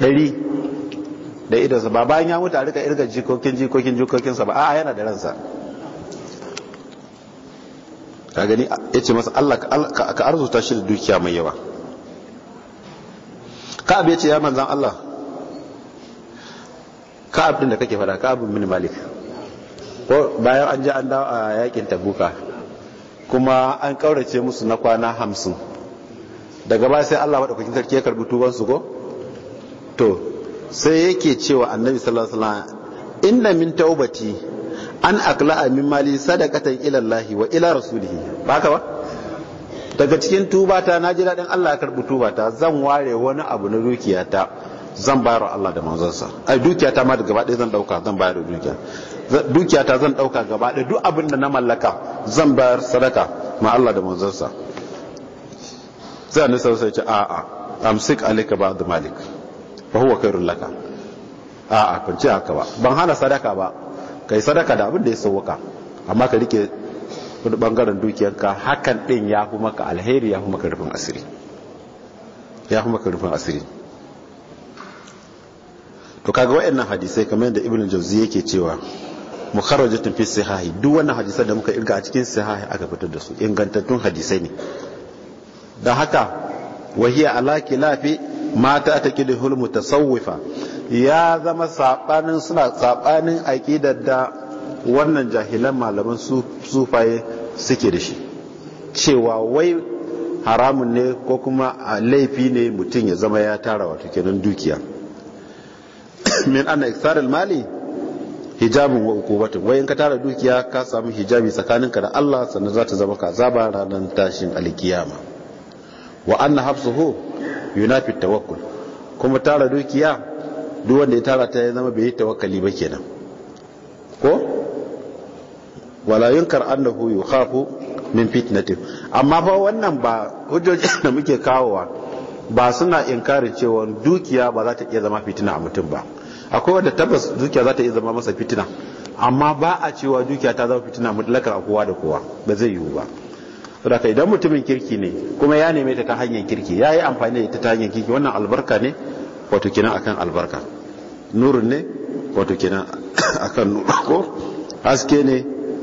S1: ɗari da idansa ba bayan ya mutu a rika irga jikokin jikokin jikokinsa ba a yana da ransa ka gani ya ce masa Allah ka arzuta shi da dukiya mai yawa abu ya ce ya manzan Allah abu din da kake fada ka abu mini malik ko bayan an je an dawo a yakin tabuka kuma an kaurace musu na kwana hamsin daga ba sai Allah maɗaukakin sarki ya karbi tubansu ko to sai yake cewa annabi sallallahu alaihi wasallam inna min taubati an akla'a min mali sadaqatan ila Allah wa ila rasulihi ba ka ba daga cikin tubata na ji daɗin Allah ya karɓi tubata zan ware wani abu na dukiyata zan bayar wa Allah da manzansa ai dukiyata ma da gaba ɗaya zan ɗauka zan bayar da dukiya dukiyata zan ɗauka gaba ɗaya duk abin da na mallaka zan bayar sadaka ma Allah da manzansa sai annabi sai ya ce a'a amsik alika ba'd malik fa huwa khairul rullaka a a kun ce haka ba ban hana sadaka ba kai sadaka da abin da ya sauka amma ka rike wani bangaren dukiyarka hakan ɗin ya fi maka alheri ya fi maka rufin asiri ya fi maka rufin asiri to kaga waɗannan hadisai kamar yadda ibn jauzi yake cewa mukharrajatun fi sahihi duk wannan hadisai da muka irga a cikin sahihi aka fitar da su ingantattun hadisai ne da haka wahiya ala lafi. mata ta kidi hulmu ta sauwifa ya zama sabanin suna sabanin da wannan jahilan malaman sufaye suke da shi cewa wai haramun ne ko kuma laifi ne mutum ya zama ya tara wato kenan dukiya min ana iksarar mali hijabin wa ukubatin wai in ka tara dukiya ka samu hijabi tsakaninka da Allah sannan za ta zama ka zaba ranar tashin alkiyama wa anna hafsuhu yunafi tawakkul kuma tara dukiya duk wanda ya tara ta ya zama bai yi tawakkali ba kenan ko wala yunkar annahu yukhafu min fitnatin amma fa wannan ba hujjojin da muke kawowa ba suna inkarin cewa dukiya ba za ta iya zama fitina a mutum ba akwai wanda tabbas dukiya za ta iya zama masa fitina amma ba a cewa dukiya ta zama fitina mutlakar a kowa da kowa ba zai yiwu ba saboda idan mutumin kirki ne kuma ya neme ta ta hanyar kirki ya yi amfani da ita ta hanyar kirki wannan albarka ne wato kenan akan albarka nurin ne wato kenan akan nur ko haske ne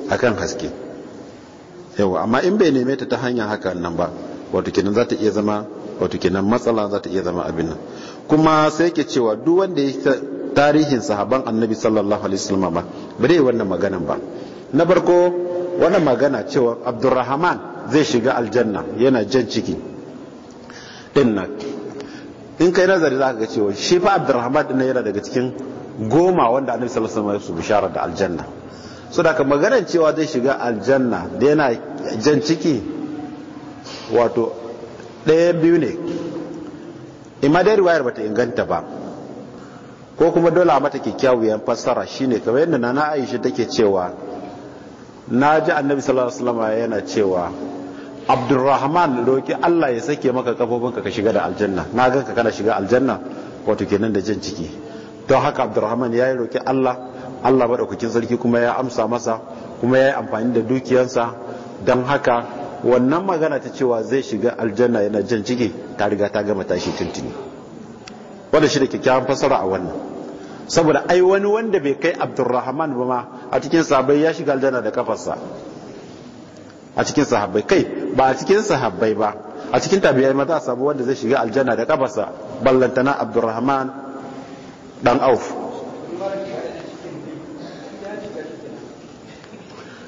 S1: akan haske yawa amma in bai neme ta ta hanyar haka nan ba wato kina za ta iya zama wato kina matsala za ta iya zama abin nan kuma sai ke cewa duk wanda ya tarihin sahaban annabi sallallahu alaihi wasallam ba bare wannan maganan ba na farko wannan magana cewa abdurrahman zai shiga aljanna yana jan ciki din nan in kai nazari za ga cewa shi fa abdurrahman din yana daga cikin goma wanda annabi sallallahu alaihi wasallam ya bishara da aljanna so da ka maganar cewa zai shiga aljanna da yana jan ciki wato ɗaya biyu ne imma dai riwayar bata inganta ba ko kuma dole a mata kyakkyawar fassara shine kamar yadda nana aisha take cewa na ji annabi sallallahu alaihi wasallam yana cewa Abdulrahman roki Allah ya sake maka kafofinka ka shiga da aljanna na ga ka kana shiga aljanna wato kenan da jan ciki don haka abdurrahman ya yi roki Allah Allah madaukakin sarki kuma ya amsa masa kuma ya yi amfani da dukiyansa don haka wannan magana ta cewa zai shiga aljanna yana jan ciki ta riga ta gama tashi tuntuni wanda shi da kyakkyawan fasara a wannan saboda ai wani wanda bai kai abdurrahman ba ma a cikin sabai ya shiga aljanna da kafarsa a cikin sahabbai kai ba a cikin sahabbai ba a cikin tabi'ai maza a wanda zai shiga aljanna da kafarsa ballantana abdurrahman dan auf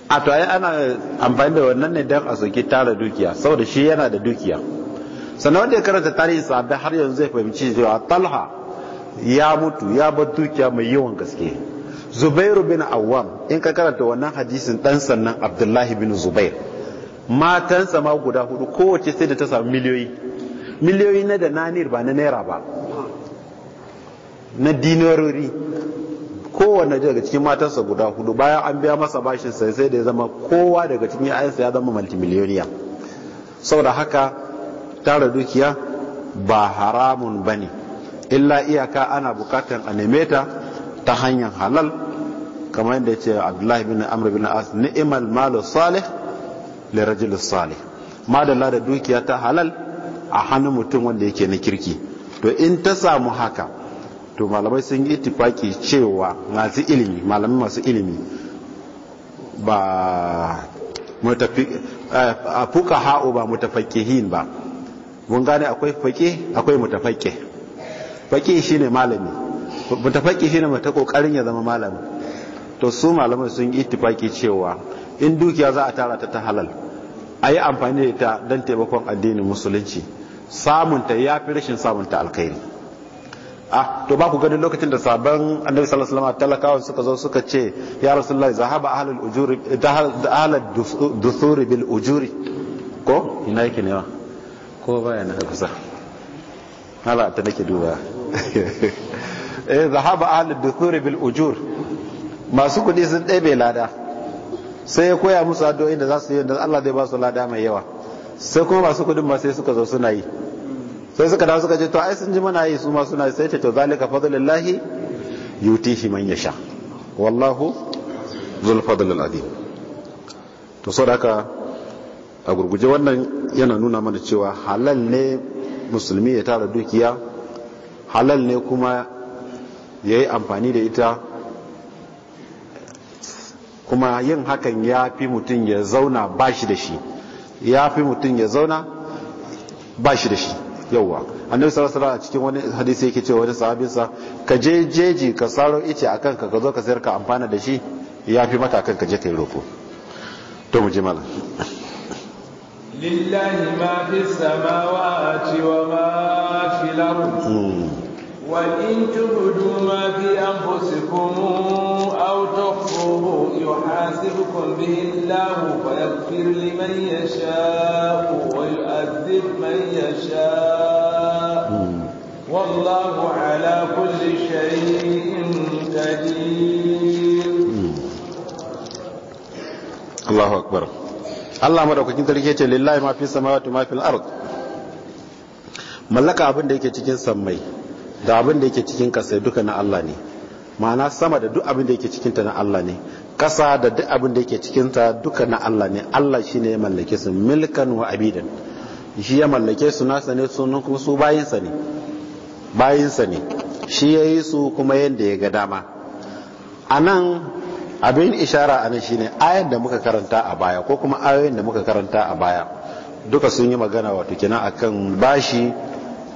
S1: a to ai ana amfani da wannan ne dan a soki tara dukiya saboda shi yana da dukiya sannan wanda ya karanta tarihin sahabbai har yanzu zai fahimci cewa talha ya mutu ya bar dukiya mai yawan gaske zubairu bin Awam in ka karanta wannan hadisin dan sannan abdullahi bin zubair matansa ma guda hudu kowace sai da ta samu miliyoyi miliyoyi na da nanir ba na naira ba na dinarori kowane daga cikin matansa guda hudu bayan an biya masa bashin sai sai da ya zama kowa daga cikin ayansa ya zama multimiliyoniya saboda haka tara dukiya ba haramun ba ne illa iyaka ana bukatar a neme ta ta hanyar halal kamar yadda ya ce abdullahi bin amr bin as ni'imal malu salih lirajul salih madalla da dukiya ta halal a hannun mutum wanda yake na kirki to in ta samu haka to malamai sun yi itifaki cewa masu ilimi malamai masu ilimi ba eh, a fuka ha'u ba mutafakihin ba mun gane akwai faƙe akwai mutafake faƙe shi ne malami mutafake shi ne mai ta ƙoƙarin ya zama malami to su malamai sun yi itifaki cewa in dukiya za a tara ta ta halal a yi amfani da ita don taimakon addinin musulunci samunta ya fi rashin samunta alkhairi a to ba ku ganin lokacin da sabon annabi sallallahu alaihi wasallam talakawa suka zo suka ce ya rasulullahi zahaba ahlul ujuri ahlud dusur bil ujuri ko ina yake ne ko baya na kusa hala ta nake duba eh zahaba ahlul dusur bil ujur masu kudi sun ɗebe lada sai ya koya musu addu'o'in da za su yi da Allah zai ba su lada mai yawa sai kuma masu kudin ba sai suka zo suna yi sai suka dawo suka ce to ai sun ji mana yi su ma suna yi sai ce to zalika fadlullahi yutihi man yasha wallahu zul fadlil azim to sadaka a gurguje wannan yana nuna mana cewa halal ne musulmi ya tara dukiya halal ne kuma yayi amfani da ita kuma yin hakan ya fi mutum ya zauna ba shi da shi ya fi mutum ya zauna ba shi da shi yauwa annabi sallallahu alaihi a cikin wani hadisi yake cewa wani sahabinsa ka je jeji ka saro ice a kanka ka zo ka sayar ka amfana da shi ya fi mata kan ka je kai roko to mu je malam
S2: lillahi ma fi samawati wa ma fi hmm. wa in tubdu ma fi anfusikum يحاسبكم به الله فيغفر لمن يشاء ويؤذب من يشاء والله على كل شيء قدير
S1: الله أكبر Allah madaukakin sarki ce lillahi ma fi samawati ma fil ard mallaka abin da yake cikin sammai da abin da yake cikin kasai duka na Allah ne ma'ana sama da duk abin da yake cikinta na Allah ne kasa da duk abin da yake cikinta duka na Allah ne Allah shi ne ya mallake su milkan wa abidan shi ya mallake su nasa ne sunan kuma su bayinsa ne bayinsa ne shi ya yi su kuma yadda ya ga dama a nan abin ishara a nan shi ne ayan da muka karanta a baya ko kuma ayoyin da muka karanta a baya duka sun yi magana wato kenan akan bashi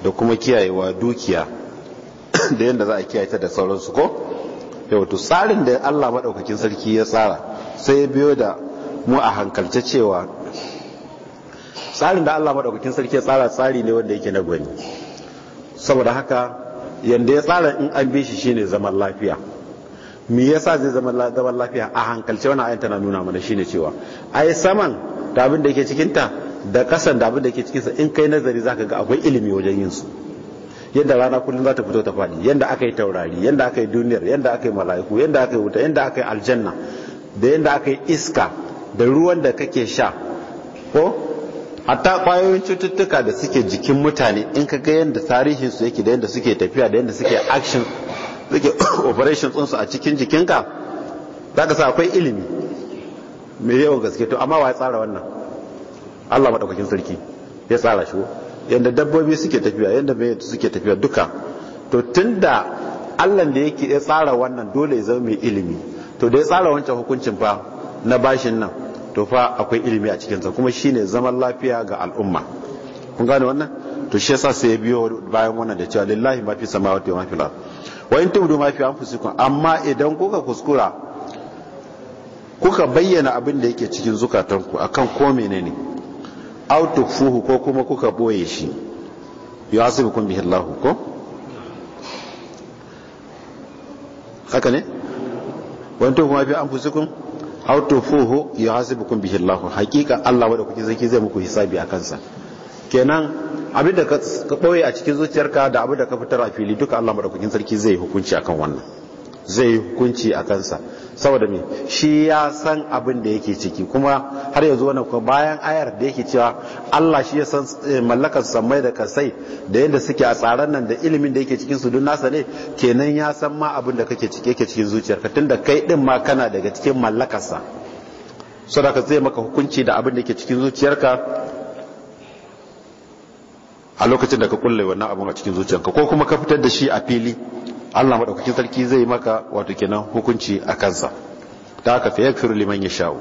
S1: da kuma kiyayewa dukiya da yadda za a kiyaye ta da sauransu ko wato tsarin da Allah maɗaukakin sarki ya tsara sai ya biyo da mu a hankalce cewa tsarin da Allah maɗaukakin sarki ya tsara tsari ne wanda yake na gwani saboda haka yadda ya tsara in an bi shi shine zaman lafiya me yasa zai zama zaman lafiya a hankalce wani ayan tana nuna mana shine cewa ai saman da abin da yake cikinta da kasan da abin da yake cikinsa in kai nazari zaka ga akwai ilimi wajen yin su yadda rana kullum za ta fito ta faɗi yadda aka yi taurari yadda aka yi duniyar yadda aka yi mala'iku yadda aka yi wuta yadda aka yi aljanna da yadda aka yi iska da ruwan da kake sha ko hatta kwayoyin cututtuka da suke jikin mutane in ka ga yadda tarihinsu su yake da yadda suke tafiya da yadda suke action suke operation tsunsu a cikin jikinka ka sa akwai ilimi mai yawan gaske to amma wa ya tsara wannan Allah maɗaukakin sarki ya tsara shi yadda dabbobi suke tafiya yadda mai suke tafiya duka to tun da allah da yake ya tsara wannan dole ya zama mai ilimi to da ya tsara wancan hukuncin fa na bashin nan to fa akwai ilimi a cikinsa kuma shine zaman lafiya ga al'umma kun gane wannan to shi yasa sai ya biyo bayan wannan da cewa lillahi ma fi samawati wa ma wa in tubdu ma fi anfusikum amma idan kuka kuskura kuka bayyana abin da yake cikin zukatanku akan ko ne. aw ko kuma kuka ɓoye shi yuhasibukum bihi Allah ko haka ne wani tuhu kuma fi an fusukun aw tukfuhu yuhasibukum bihi Allah hakika Allah wadda kuke zaki zai muku hisabi a kansa kenan abin da ka ɓoye a cikin zuciyarka da abin da ka fitar a fili duka Allah kuke sarki zai hukunci akan wannan zai hukunci a kansa saboda me shi ya san abin da yake ciki kuma har yanzu wannan kuma bayan ayar da yake cewa Allah shi ya san eh, mallakar samai da kasai da yadda suke a tsaron nan da ilimin da yake cikin su duk nasa ne kenan ya san ma abin da kake ciki yake cikin zuciyarka tunda kai din ma kana daga cikin mallakarsa sadaka zai maka hukunci da abin da yake cikin zuciyarka a lokacin da ka kulle wannan abin a cikin zuciyarka ko kuma ka fitar da shi a fili Allah madaukakin sarki zai maka wato kenan hukunci a kansa da haka fa yakfiru liman yasha'u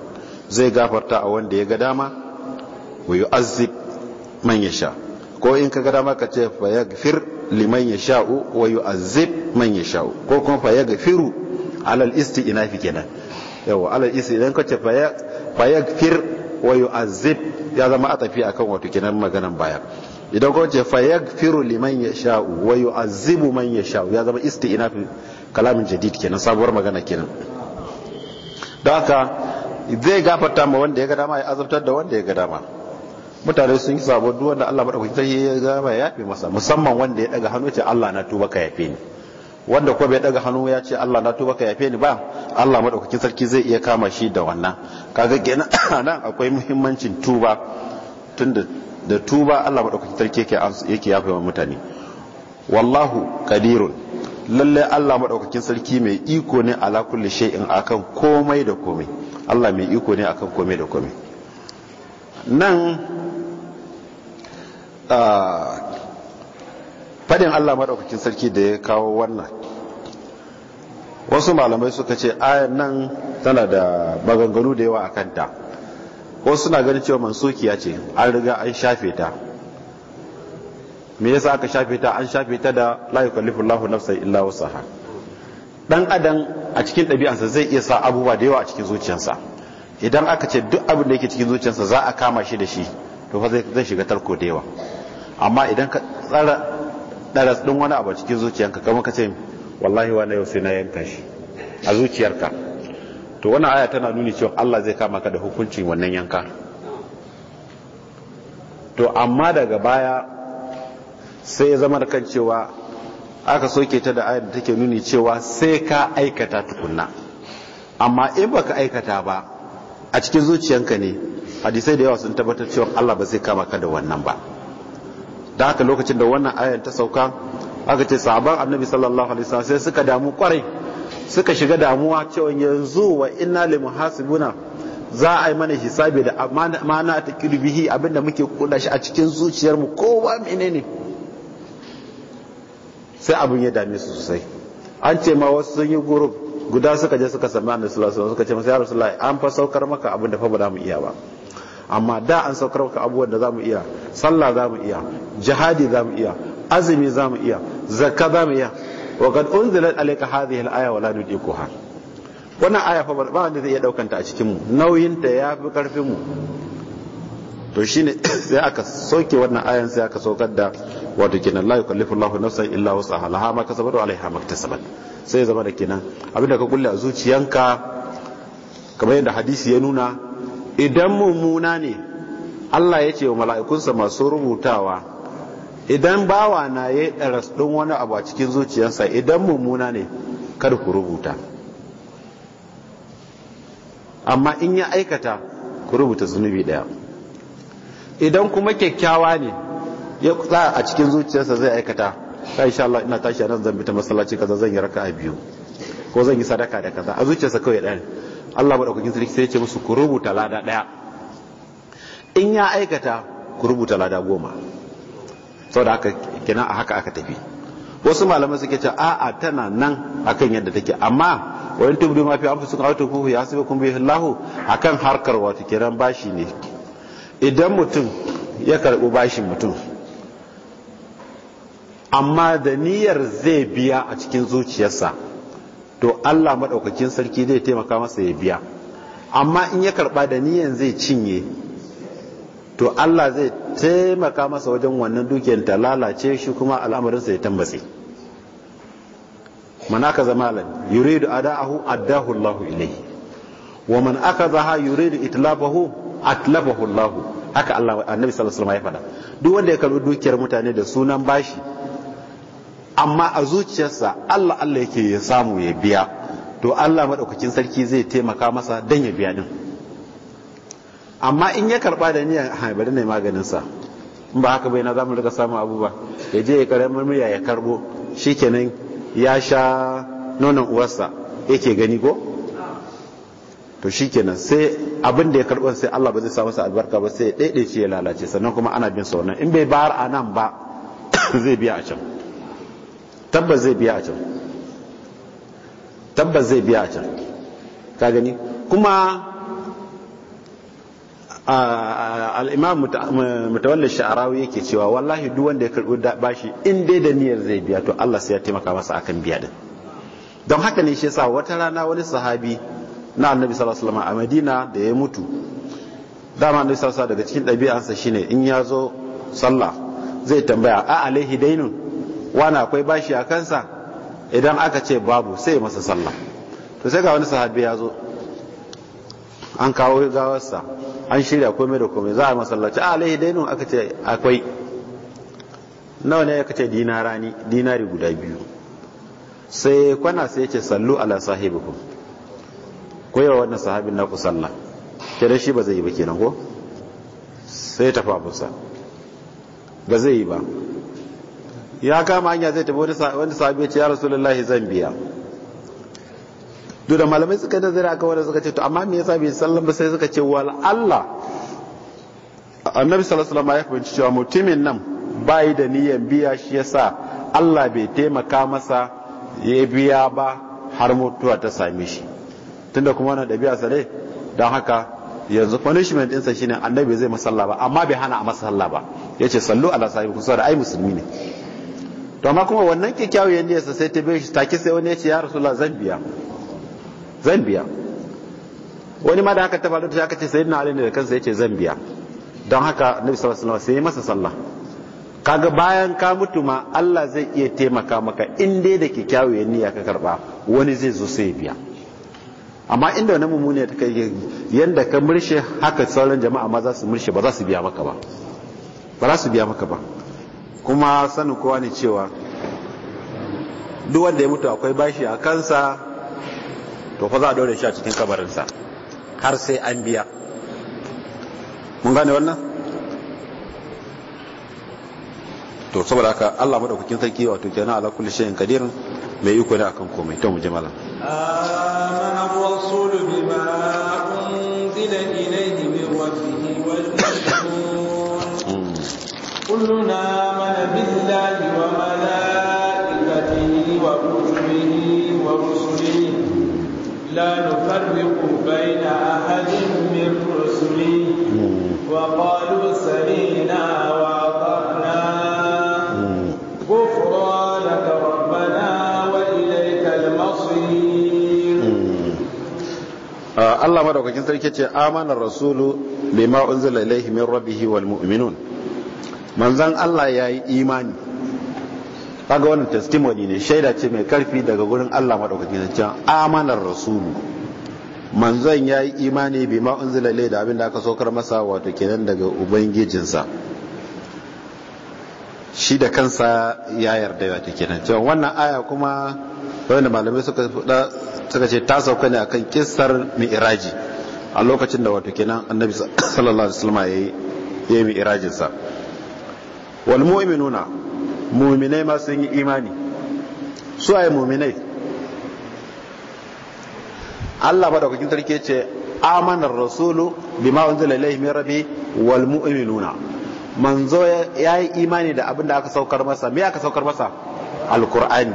S1: zai gafarta a wanda ya ga dama wa yu'azzib man yasha ko in ka ga dama ka ce fa yakfir liman yasha'u wa yu'azzib man yasha'u ko kuma fa yakfiru alal fi kenan yawa alal isti idan ka ce fa yakfir wa yu'azzib ya zama a tafi akan wato kenan maganan baya idan kuma ce fa firu liman wayo wa yu'azzibu man sha'u ya zama ina fi kalamin jadid kenan sabuwar magana kenan da haka zai gafarta ma wanda ya ga dama ya azabtar da wanda ya ga dama mutane sun yi sabo duk wanda Allah ta yi ya ga ya fi masa musamman wanda ya daga hannu ce Allah na tuba ka yafe ni wanda ko bai daga hannu ya ce Allah na tuba ka yafe ni ba Allah madaukakin sarki zai iya kama shi da wannan kaga kenan nan akwai muhimmancin tuba tunda da tuba Allah madaukakin sarki yake yake yafe wa mutane wallahu qadirun lalle Allah madaukakin sarki mai iko ne ala kulli shay'in akan komai da komai Allah mai iko ne akan komai da komai nan fadin Allah madaukakin sarki da ya kawo wannan wasu malamai suka ce ayan nan tana da maganganu da yawa a kanta wasu suna ganin cewa mansukiya ce an riga an shafe ta me yasa aka shafe ta an shafe ta da la yukallifu Allahu nafsan illa wusaha dan adam a cikin ɗabi'ansa zai iya sa abubuwa da yawa a cikin zuciyarsa idan aka ce duk abin da yake cikin zuciyarsa za a kama shi da shi to fa zai shiga tarko da yawa amma idan ka tsara daras din wani abu cikin zuciyarka kamar ka ce wallahi wani yau sai na yanka shi a zuciyarka to wannan aya tana nuni cewa Allah zai kama ka da hukuncin wannan yanka to amma daga baya sai ya zama kan cewa aka soke ta da aya da take nuni cewa sai ka aikata tukunna amma in baka aikata ba a cikin zuciyanka ne hadisai da yawa sun tabbatar cewa Allah ba zai kama ka da wannan ba da haka lokacin da wannan aya ta sauka aka ce sahaban annabi sallallahu alaihi wasallam sai suka damu kwarai suka shiga damuwa cewa yanzu wa inna li muhasibuna za a yi mana hisabi da amana ta kirbihi abinda muke kula shi a cikin zuciyar mu kowa menene sai abin ya dame su sosai an ce ma wasu sun yi gurub guda suka je suka sami annabi sallallahu alaihi suka ce masa ya rasulullahi an fa saukar maka abin da fa ba za mu iya ba amma da an saukar maka abubuwan da za mu iya sallah za mu iya jihadi za mu iya azumi za mu iya zakka za mu iya wa qad unzilat alayka hadhihi aya wa la nudikuha wannan aya fa ba wanda zai iya daukan ta a cikin mu nauyin ta yafi karfin mu to shine sai aka soke wannan ayan sai aka saukar da wato kenan la yukallifu Allahu nafsan illa wus'aha laha ma kasabat wa alaiha ma iktasabat sai zama da kenan abinda ka kulle a zuciyanka kamar yadda hadisi ya nuna idan mummuna ne Allah ya ce wa mala'ikunsa masu rubutawa idan bawa na ya ɗaras ɗin wani abu a cikin zuciyarsa idan mummuna ne kar ku rubuta amma in ya aikata ku rubuta zunubi ɗaya idan kuma kyakkyawa ne ya tsaya a cikin zuciyarsa zai aikata ta insha Allah ina tashi a nan zan bi ta masallaci kaza zan yi raka a biyu ko zan yi sadaka da kaza a zuciyarsa kawai ɗaya Allah kwakin sarki sai ya ce musu ku rubuta lada ɗaya in ya aikata ku rubuta lada goma saboda haka kenan a haka aka tafi wasu malamai suke ce a'a tana nan akan yadda take amma wa in tubdu ma fi anfusikum aw tukuhu yasibukum bihi Allah akan harkar wato kiran bashi ne idan mutum ya karbi bashin mutum amma da niyyar zai biya a cikin zuciyarsa to Allah madaukakin sarki zai taimaka masa ya biya amma in ya karba da niyyar zai cinye to Allah zai taimaka masa wajen wannan dukiyar ta lalace shi kuma al'amarinsa ya tambace man aka zama lan yuridu ada'ahu addahu Allahu ilayhi wa man aka zaha yuridu itlabahu atlabahu Allahu haka Allah annabi sallallahu alaihi wasallam ya faɗa duk wanda ya karbi dukiyar mutane da sunan bashi amma a zuciyarsa Allah Allah yake ya samu ya biya to Allah madaukakin sarki zai taimaka masa dan ya biya din amma in ya karba da niyan ha bari ne maganin sa in ba haka bai na zamu rika samu abu ba ya je ya karamar miya ya karbo shikenan ya sha nonon uwarsa yake gani ko to shikenan sai abin da ya karbo sai Allah ba zai sa masa albarka ba sai dai shi ya lalace sannan kuma ana bin sa wannan in bai bar a nan ba zai biya a can tabbas zai biya a can tabbas zai biya a can ka gani kuma al'imam mutawallin sha'arawi yake cewa wallahi duk wanda ya karɓi bashi in dai da niyyar zai biya to Allah sai ya taimaka masa akan biya din don haka ne shi yasa wata rana wani sahabi na annabi sallallahu alaihi wasallam a Madina da ya mutu dama annabi sallallahu alaihi daga cikin ɗabi'ansa shine in ya zo sallah zai tambaya a alaihi dainun wani akwai bashi a kansa idan aka ce babu sai masa sallah to sai ga wani sahabi ya zo an kawo gawarsa an shirya komai da komai za a masallaci a alaihi dainun aka ce akwai nawa ne aka ce dinarani dinari guda biyu sai kwana sai ce sallu ala sahibikum ko yawa wannan sahabin na ku sallah ke da shi ba zai yi ba kenan ko sai tafi abunsa ba zai yi ba ya kama hanya zai tafi wani sahabi ya ce ya rasulullahi zan biya to da malamai suka nazara aka wanda suka ce to amma me yasa bai sallan ba sai suka ce wal Allah annabi sallallahu alaihi wasallam ya fahimci cewa mutumin nan bai da niyyar biya shi yasa Allah bai taimaka masa ya biya ba har mutuwa ta same shi tunda kuma wannan dabi'a sa ne don haka yanzu punishment ɗinsa shine annabi zai masalla ba amma bai hana a masalla ba Ya ce sallu ala kusa da ai musulmi ne to amma kuma wannan yadda niyyarsa sai ta bai shi take sai wani ya ce ya rasu la zan biya zan biya wani ma da aka ta faru aka ce sayyidina ali ne da kansa yace zan biya don haka nabi sallallahu alaihi wasallam sai masa sallah kaga bayan ka mutu ma Allah zai iya taimaka maka in dai da kyakkyawar niyya ka karba wani zai zo sai biya amma inda wani mummuni ta kai yanda ka murshe haka sauran jama'a ma za su murshe ba za su biya maka ba ba za su biya maka ba kuma sanin kowa ne cewa duk wanda ya mutu akwai bashi a kansa to fa za a dore shi a cikin kabarinsa har sai an biya mun gane wannan to saboda haka Allah madaukakin sarki wato kenan ala kulli shay'in kadir mai iko ne akan komai to mu ji
S2: لا نفرق بين أحد من رسلي وقالوا سمينا وأطعنا غفرانك ربنا وإليك المصير
S1: الله كنت سركي آمن الرسول بما أنزل إليه من ربه والمؤمنون manzan Allah ya yi imani kaga wannan testimony ne shaida ce mai karfi daga gurin Allah madaukakin sarki amanar rasulu manzon ya yi imani bi ma unzila ilai da abin da aka saukar masa wato kenan daga ubangijinsa shi da kansa ya yarda wato kenan cewa wannan aya kuma wanda malamai suka suka ce ta sauka ne akan kissar mi'raji a lokacin da wato kenan annabi sallallahu alaihi wasallam yayi yayi mi'rajin sa wal mu'minuna muminai ma sun yi imani su yi muminai Allah madaukakin tarke ce amanar rasulu ma wanzu lalai mai rabi wal mu'minuna manzo ya yi imani da abin da aka saukar masa me aka saukar masa alkur'ani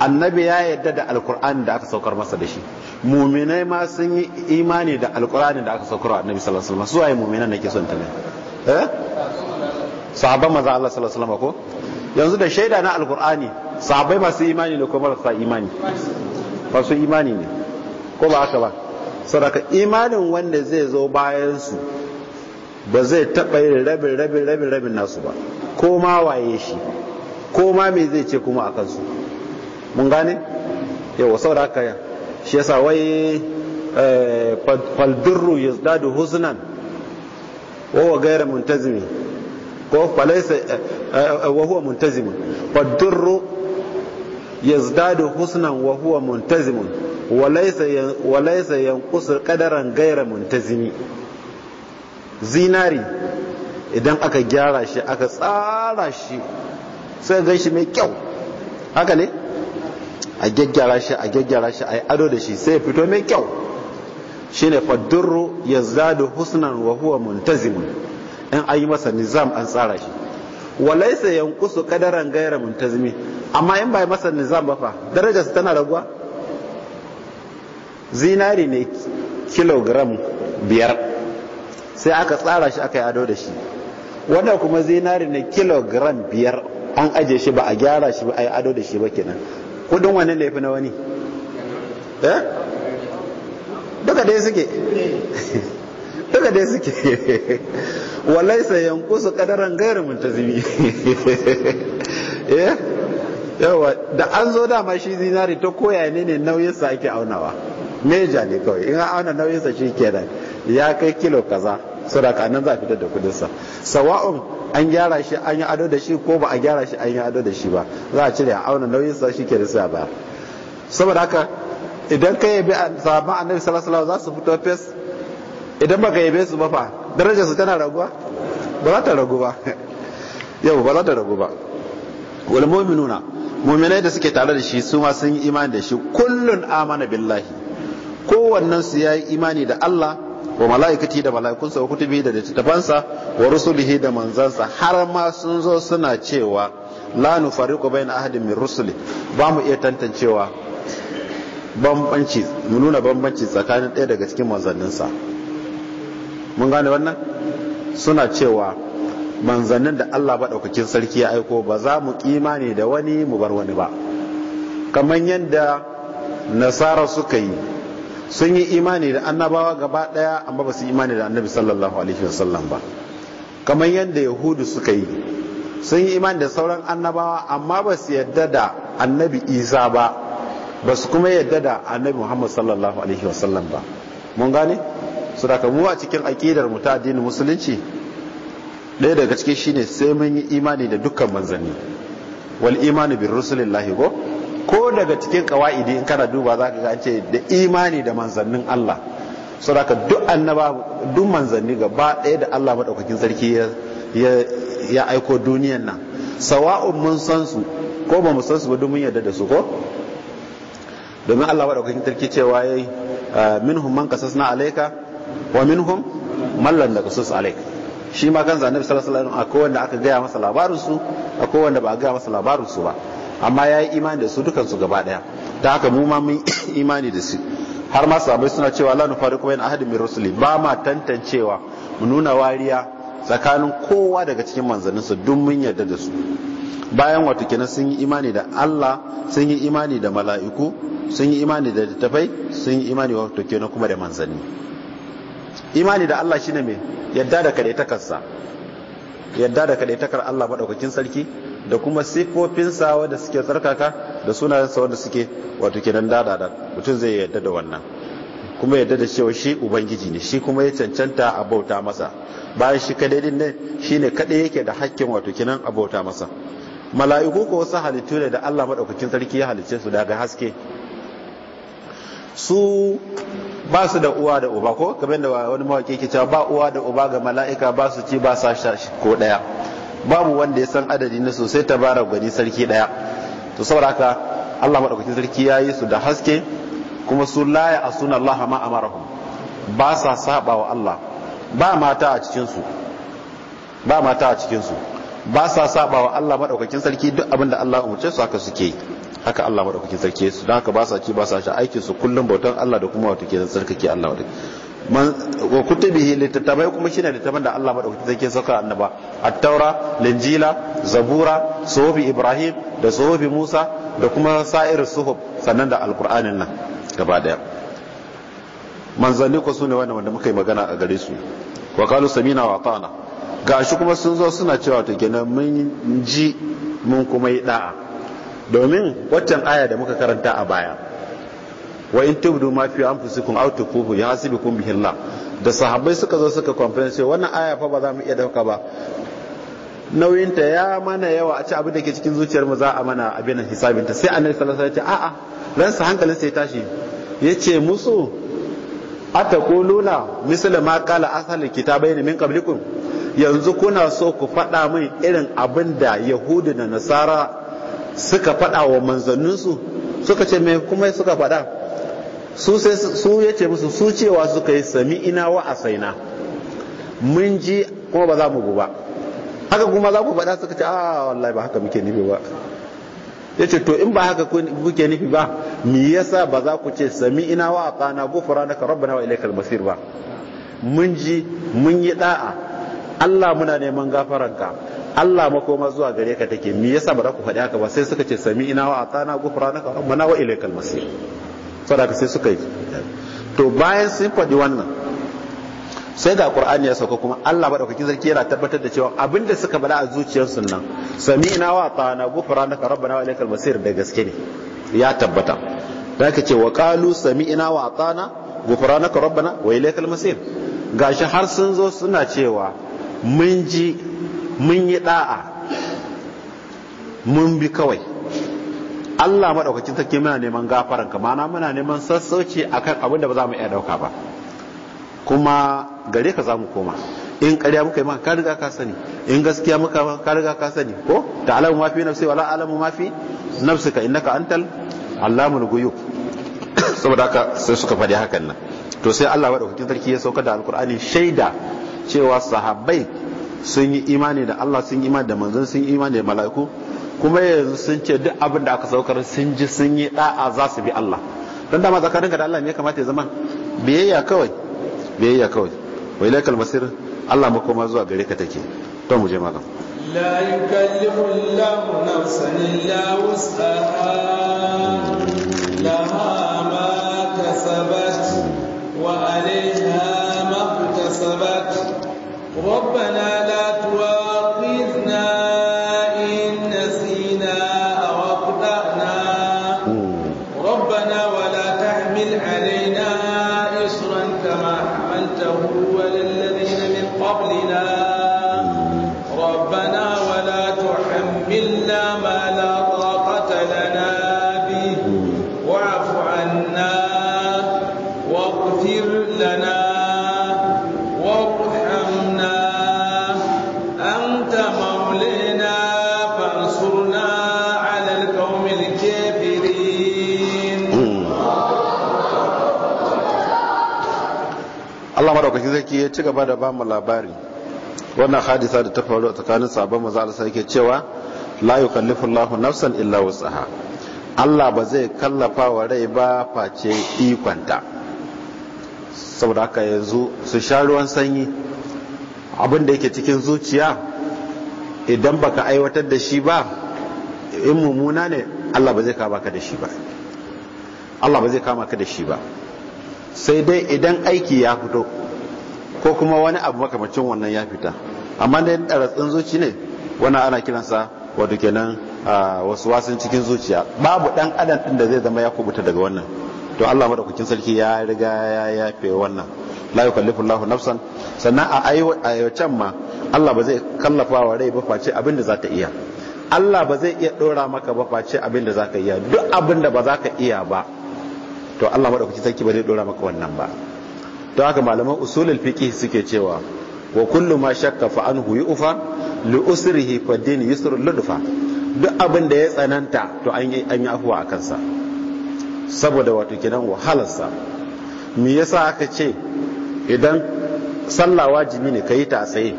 S1: annabi ya yadda da alkur'ani da aka saukar masa da shi muminai ma sun yi imani da alkur'ani da aka saukar wa annabi sallallahu alaihi wasallam su waye muminan nake son ta ne eh sahabban maza Allah sallallahu alaihi wasallam ko yanzu da shaida na alkur'ani sabai masu imani ne ko marasa imani masu imani ne ko ba haka ba sadaka imanin wanda zai zo bayansu su ba zai taɓa yin rabin rabin rabin rabin nasu ba ko ma waye shi ko ma me zai ce kuma a kansu mun gane yawa saboda haka shi yasa wai eh, faldurru yazdadu huznan wa wa gaira muntazimi ko falaisa eh, eh, wa huwa muntazimun fadurru yazdadu husnan wa huwa muntazimun wa laysa yanqusu qadaran ghayra muntazimi zinari idan aka gyara shi aka tsara shi sai ga shi mai kyau haka ne a gyaggyara shi a gyaggyara shi a yi ado da shi sai fito mai kyau shine fadurru yazdadu husnan wa huwa muntazimun in an yi masa nizam an tsara shi yan yankusu kadaran gaira muntazmi amma in ba masa nizam ba fa su tana raguwa zinari ne kilogram biyar sai aka tsara shi aka yi ado da shi wanda kuma zinari ne kilogram biyar an aje shi ba a gyara shi ba a yi ado da shi ba kenan kudin wani laifi na wani eh duka dai suke duka dai suke walaisa yankusu kadaran gairin muntazimi eh yawa da an zo dama shi zinari ta koya ne ne nauyinsa ake aunawa meja ne kawai in an auna nauyinsa shi kenan ya kai kilo kaza saboda nan za a fitar da kudinsa sawa'un an gyara shi an yi ado da shi ko ba a gyara shi an yi ado da shi ba za a cire a auna nauyinsa shi ke da ba saboda haka idan ka yabi sabon annabi sallallahu alaihi wasallam za su fito fes idan baka yabe su ba fa darajarsu tana raguwa ba za ta ragu ba yau ba za ta ragu ba wal mu'minuna mu'minai da suke tare da shi su ma sun yi imani da shi kullun amana billahi kowannen su ya yi imani da Allah wa mala'ikati da mala'ikunsa wa kutubi da littattafansa wa rusulihi da manzansa har ma sun zo suna cewa la nufariqu baina ahadin min rusuli ba mu iya tantancewa bambanci mu nuna bambanci tsakanin ɗaya daga cikin manzanninsa mun gane wannan suna cewa manzannin da Allah ba daukakin sarki ya aiko ba za mu kimani da wani mu bar wani ba kamar yadda nasara suka yi sun yi imani da annabawa gaba daya amma ba su imani da annabi sallallahu alaihi wasallam ba kamar yadda yahudu suka yi sun yi imani da sauran annabawa amma ba su yadda da annabi isa ba ba su kuma yadda da annabi muhammad sallallahu alaihi wasallam ba mun gane su da mu a cikin aƙidar mu ta addinin musulunci ɗaya daga cikin shine sai mun yi imani da dukkan manzanni wal imani bin rusulillahi ko ko daga cikin kawaidi in kana duba za ka gace da imani da manzannin Allah saboda duk annaba duk manzanni gaba ɗaya da Allah maɗaukakin sarki ya aiko duniyan nan sawa'un mun san su ko ba mu san su ba duk mun yarda da su ko domin Allah maɗaukakin sarki cewa yayi ah, minhum man kasasna alaika? wa minhum mallan da kusus shi ma kan zanen sallallahu alaihi wasallam akwai wanda aka gaya masa labarin su akwai wanda ba a gaya masa labarin su ba amma ya yi imani da su dukan su gaba daya ta haka mu ma mun imani da su har ma sabai suna cewa la nufariqu bayna ahadin min rusuli ba ma tantancewa mu nuna wariya tsakanin kowa daga cikin manzannin su duk mun yarda da su bayan wato kenan sun yi imani da Allah sun yi imani da mala'iku sun yi imani da littafai sun yi imani wato kenan kuma da manzanni imani da Allah shine mai yadda da takarsa yadda da takar Allah madaukakin sarki da kuma sifofinsa wanda suke tsarkaka da sunayensa wanda suke wato kenan mutum zai yadda da wannan kuma yadda da cewa shi ubangiji ne shi kuma ya cancanta a bauta masa bayan shi kadai din ne shine kadai yake da hakkin wato kenan a bauta masa mala'iku ko wasu halittu ne da Allah madaukakin sarki ya halicce su daga haske su ba su da uwa da uba ko kamar da wani mawaƙi ke cewa ba uwa da uba ga mala'ika ba su ci ba sa shi ko daya babu wanda ya san adadi na sosai ta bara gwani sarki daya to saboda haka Allah madaukakin sarki ya yi su da haske kuma su laya a sunan Allah ma amarahum ba sa saba wa Allah ba mata a cikin su ba mata a cikin su ba sa saba wa Allah madaukakin sarki duk abin da Allah umurce su haka suke yi haka Allah kuke sarki su don haka ba sa ci ba sa sha aikin su kullum bautan Allah da kuma wata ke sarkake Allah madaukakin man wa kutubihi littattafai kuma shine littafin da Allah madaukaki zai sauka annaba at-taura linjila zabura suhufi ibrahim da suhufi musa da kuma sa'ir suhuf sannan da alqur'anin nan gaba daya manzanni ko sune wannan wanda muka yi magana a gare su wa qalu samina wa Ga gashi kuma sun zo suna cewa to kenan mun ji mun kuma yi da'a domin waccan aya da muka karanta a baya wa in tubdu ma fi anfusikum aw tukufu yahsibukum bihi Allah da sahabbai suka zo suka complain sai wannan aya fa ba za mu iya dauka ba nauyin ta ya mana yawa a ci abin da ke cikin zuciyar mu za a mana abin hisabin ta sai annabi sallallahu alaihi wasallam ya ce a'a ransa hankalin sai tashi yace musu ataquluna misla ma qala ahlul kitabaini min qablikum yanzu kuna so ku faɗa min irin abin da yahudu da nasara suka faɗa wa manzanninsu suka ce mai kuma suka faɗa su sai su ya ce musu su cewa suka yi sami ina wa saina mun ji kuma ba za mu ba haka kuma za ku faɗa suka ce a ah, wallahi ba haka muke nufi ba ya ce to in ba haka kuke nufi ba me yasa ba za ku ce sami ina wa na karabba na wa ilaikal masir ba mun ji mun yi da'a Allah muna neman gafaranka Allah makoma zuwa gare ka take me yasa ba za ku faɗi haka ba sai suka ce sami ina wa atana gufranaka rabbana wa ilaikal masir saboda sai suka yi to bayan sun faɗi wannan sai ga qur'ani ya sauka kuma Allah daukakin sarki yana tabbatar da cewa abinda suka bada a sun nan sami ina wa atana gufranaka rabbana wa ilaikal masir da gaske ne ya tabbata da ka ce wa qalu sami ina wa atana gufranaka rabbana wa ilaikal masir gashi har sun zo suna cewa mun ji mun yi da'a mun bi kawai Allah maɗaukacin sarki muna neman gafaran ka mana muna neman sassauci akan abin da ba za mu iya ɗauka ba kuma gare ka za mu koma in ƙarya muka yi maka ka riga ka sani in gaskiya muka ka riga ka sani ko ta alamu mafi nafsi wala alamu mafi ka innaka antal allamul guyub saboda haka sai suka faɗi hakan nan to sai Allah wa sarki ya sauka da alkur'ani shaida cewa sahabbai sun yi imani da Allah sun yi imani da manzon sun yi imani da mala'iku kuma yanzu sun ce duk abin da aka saukar sun ji sun yi da'a za su bi Allah dan dama zakarinka da Allah ne kamata ya zama biyayya kawai biyayya kawai wai ilaikal masir Allah makoma zuwa gare ka take to mu je magan
S2: la yukallimu Allah nafsan illa wus'aha laha حمل علينا إصرا كما حملته وللذين من قبلنا ربنا ولا تحملنا ما
S1: madaukakin zai ya ci gaba da ba mu labari wannan hadisa da ta faru a tsakanin sabon maza a sarki cewa la kallifin Allahu nafsan illa wusaha Allah ba zai kallafa wa rai ba face ikonta saboda haka yanzu su sha ruwan sanyi abin da yake cikin zuciya idan baka aiwatar da shi ba in mummuna ne Allah ba zai kama ka da shi ba Allah ba zai kama ka da shi ba sai dai idan aiki ya fito ko kuma wani abu makamacin wannan ya fita amma da ɗaratsin zuci ne wannan ana kiransa wato kenan wasu wasan cikin zuciya babu ɗan adam ɗin da zai zama ya kubuta daga wannan to Allah madaukakin sarki ya riga ya yafe wannan la yukallifu Allahu nafsan sannan a ayyucan ma Allah ba zai kallafa wa rai ba face abin da zaka iya Allah ba zai iya dora maka ba face abin da zaka iya duk abin da ba zaka iya ba to Allah madaukakin sarki ba zai dora maka wannan ba don haka malaman usulul fiqh suke cewa wa kullu ma shakka fa anhu yu'fa li usrihi fa din yusr ludfa duk abin da ya tsananta to an yi an yi afuwa akan sa saboda wato kidan wahalar sa me yasa aka ce idan sallah wajibi ne kayi ta tsaye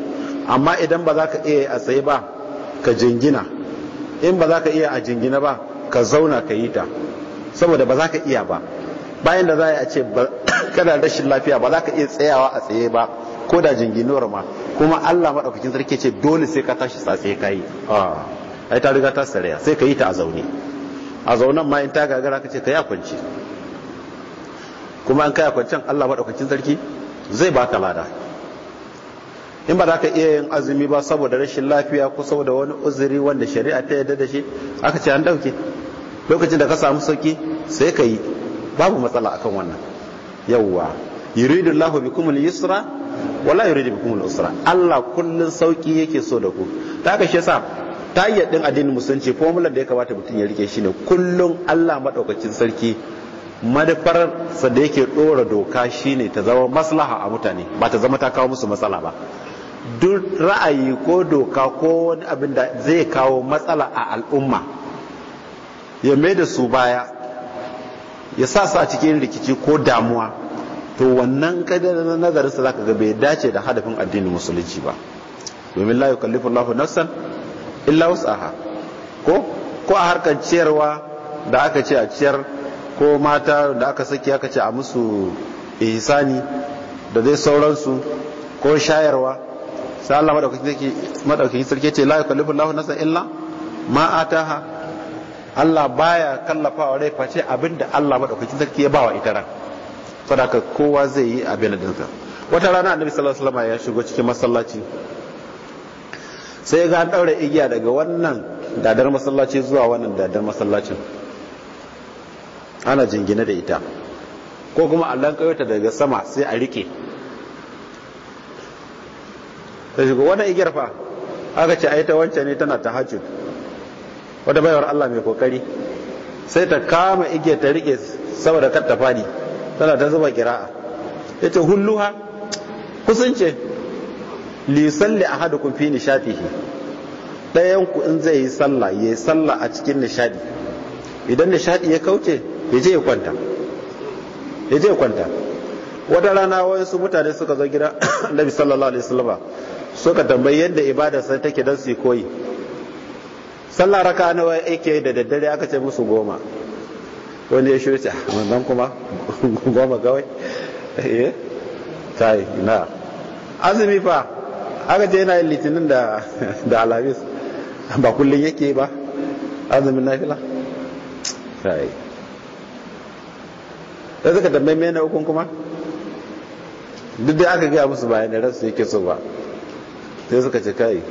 S1: amma idan ba za ka iya a tsaye ba ka jingina in ba za ka iya a jingina ba ka zauna ka yi ta saboda ba za ka iya ba bayan da za a ce kana rashin lafiya ba za ka iya tsayawa a tsaye ba ko da jinginuwar ma kuma Allah maɗaukakin sarki ce dole sai ka tashi tsatsaye ka yi a ah, ta riga ta saraya sai ka yi ta a zaune a zaune ma in ta gagara ka ce ka ya kwance kuma an kaya kwancen Allah maɗaukakin sarki zai ba ka lada in ba za ka iya yin azumi ba saboda rashin lafiya ko saboda wani uzuri wanda shari'a ta yarda da shi aka ce an ɗauke lokacin da ka samu sauki sai ka yi babu matsala akan wannan yawwa yuridu Allahu bikum al-yusra wala yuridu bikum al-usra Allah kullun sauki yake so da ku ta ka shi yasa tayyar din addinin musulunci formula da ya kamata mutum ya rike shine kullun Allah madaukakin sarki madafar sa da yake dora doka shine ta zama maslaha a mutane ba ta zama ta kawo musu matsala ba duk ra'ayi ko doka ko wani abin da zai kawo matsala a al'umma ya mai da su baya ya sa su a cikin rikici ko damuwa to wannan na nazarin su zaka ga bai dace da hadafin addinin musulunci ba domin la yukallifu Allahu nafsan illa wus'aha ko ko a harkar ciyarwa da aka ce a ciyar ko mata da aka saki aka ce a musu ihsani da dai sauransu ko shayarwa sai Allah madaukakin sarki ce la yukallifu Allahu nafsan illa ma ataha Allah baya kallafawa rai face abin da Allah madaukakin sarki ya bawa ita ran saboda kowa zai yi abin da dinsa wata rana annabi sallallahu alaihi wasallam ya shigo cikin masallaci sai ga an daure igiya daga wannan dadar masallaci zuwa wannan dadar masallacin ana jingine da ita ko kuma allon ta daga sama sai a rike ta shigo wani igiyar fa aka ce ai ta wancan ne tana ta wata baiwar Allah mai kokari sai ta kama igiyar ta rike saboda kar ta fadi tana ta zuba kira'a yace hulluha kusance li yusalli ahadukum fi nishatihi dayan ku in zai yi sallah yayi sallah a cikin nishadi idan nishadi ya kauce ya je ya kwanta ya je ya kwanta wata rana su mutane suka zo gida Annabi sallallahu alaihi wasallam suka tambayi yadda ibada sai take dan su koyi sallah raka nawa yake da daddare aka ce musu goma wani ya shirya ah, wannan kuma goma kawai eh yi na azumi fa aka ce yana yin litinin da da alhamis ba kullum yake ba azumin ta yi ta zika da maimai na hukun kuma duk da aka gaya musu bayan da rasu yake so ba sai suka ce kai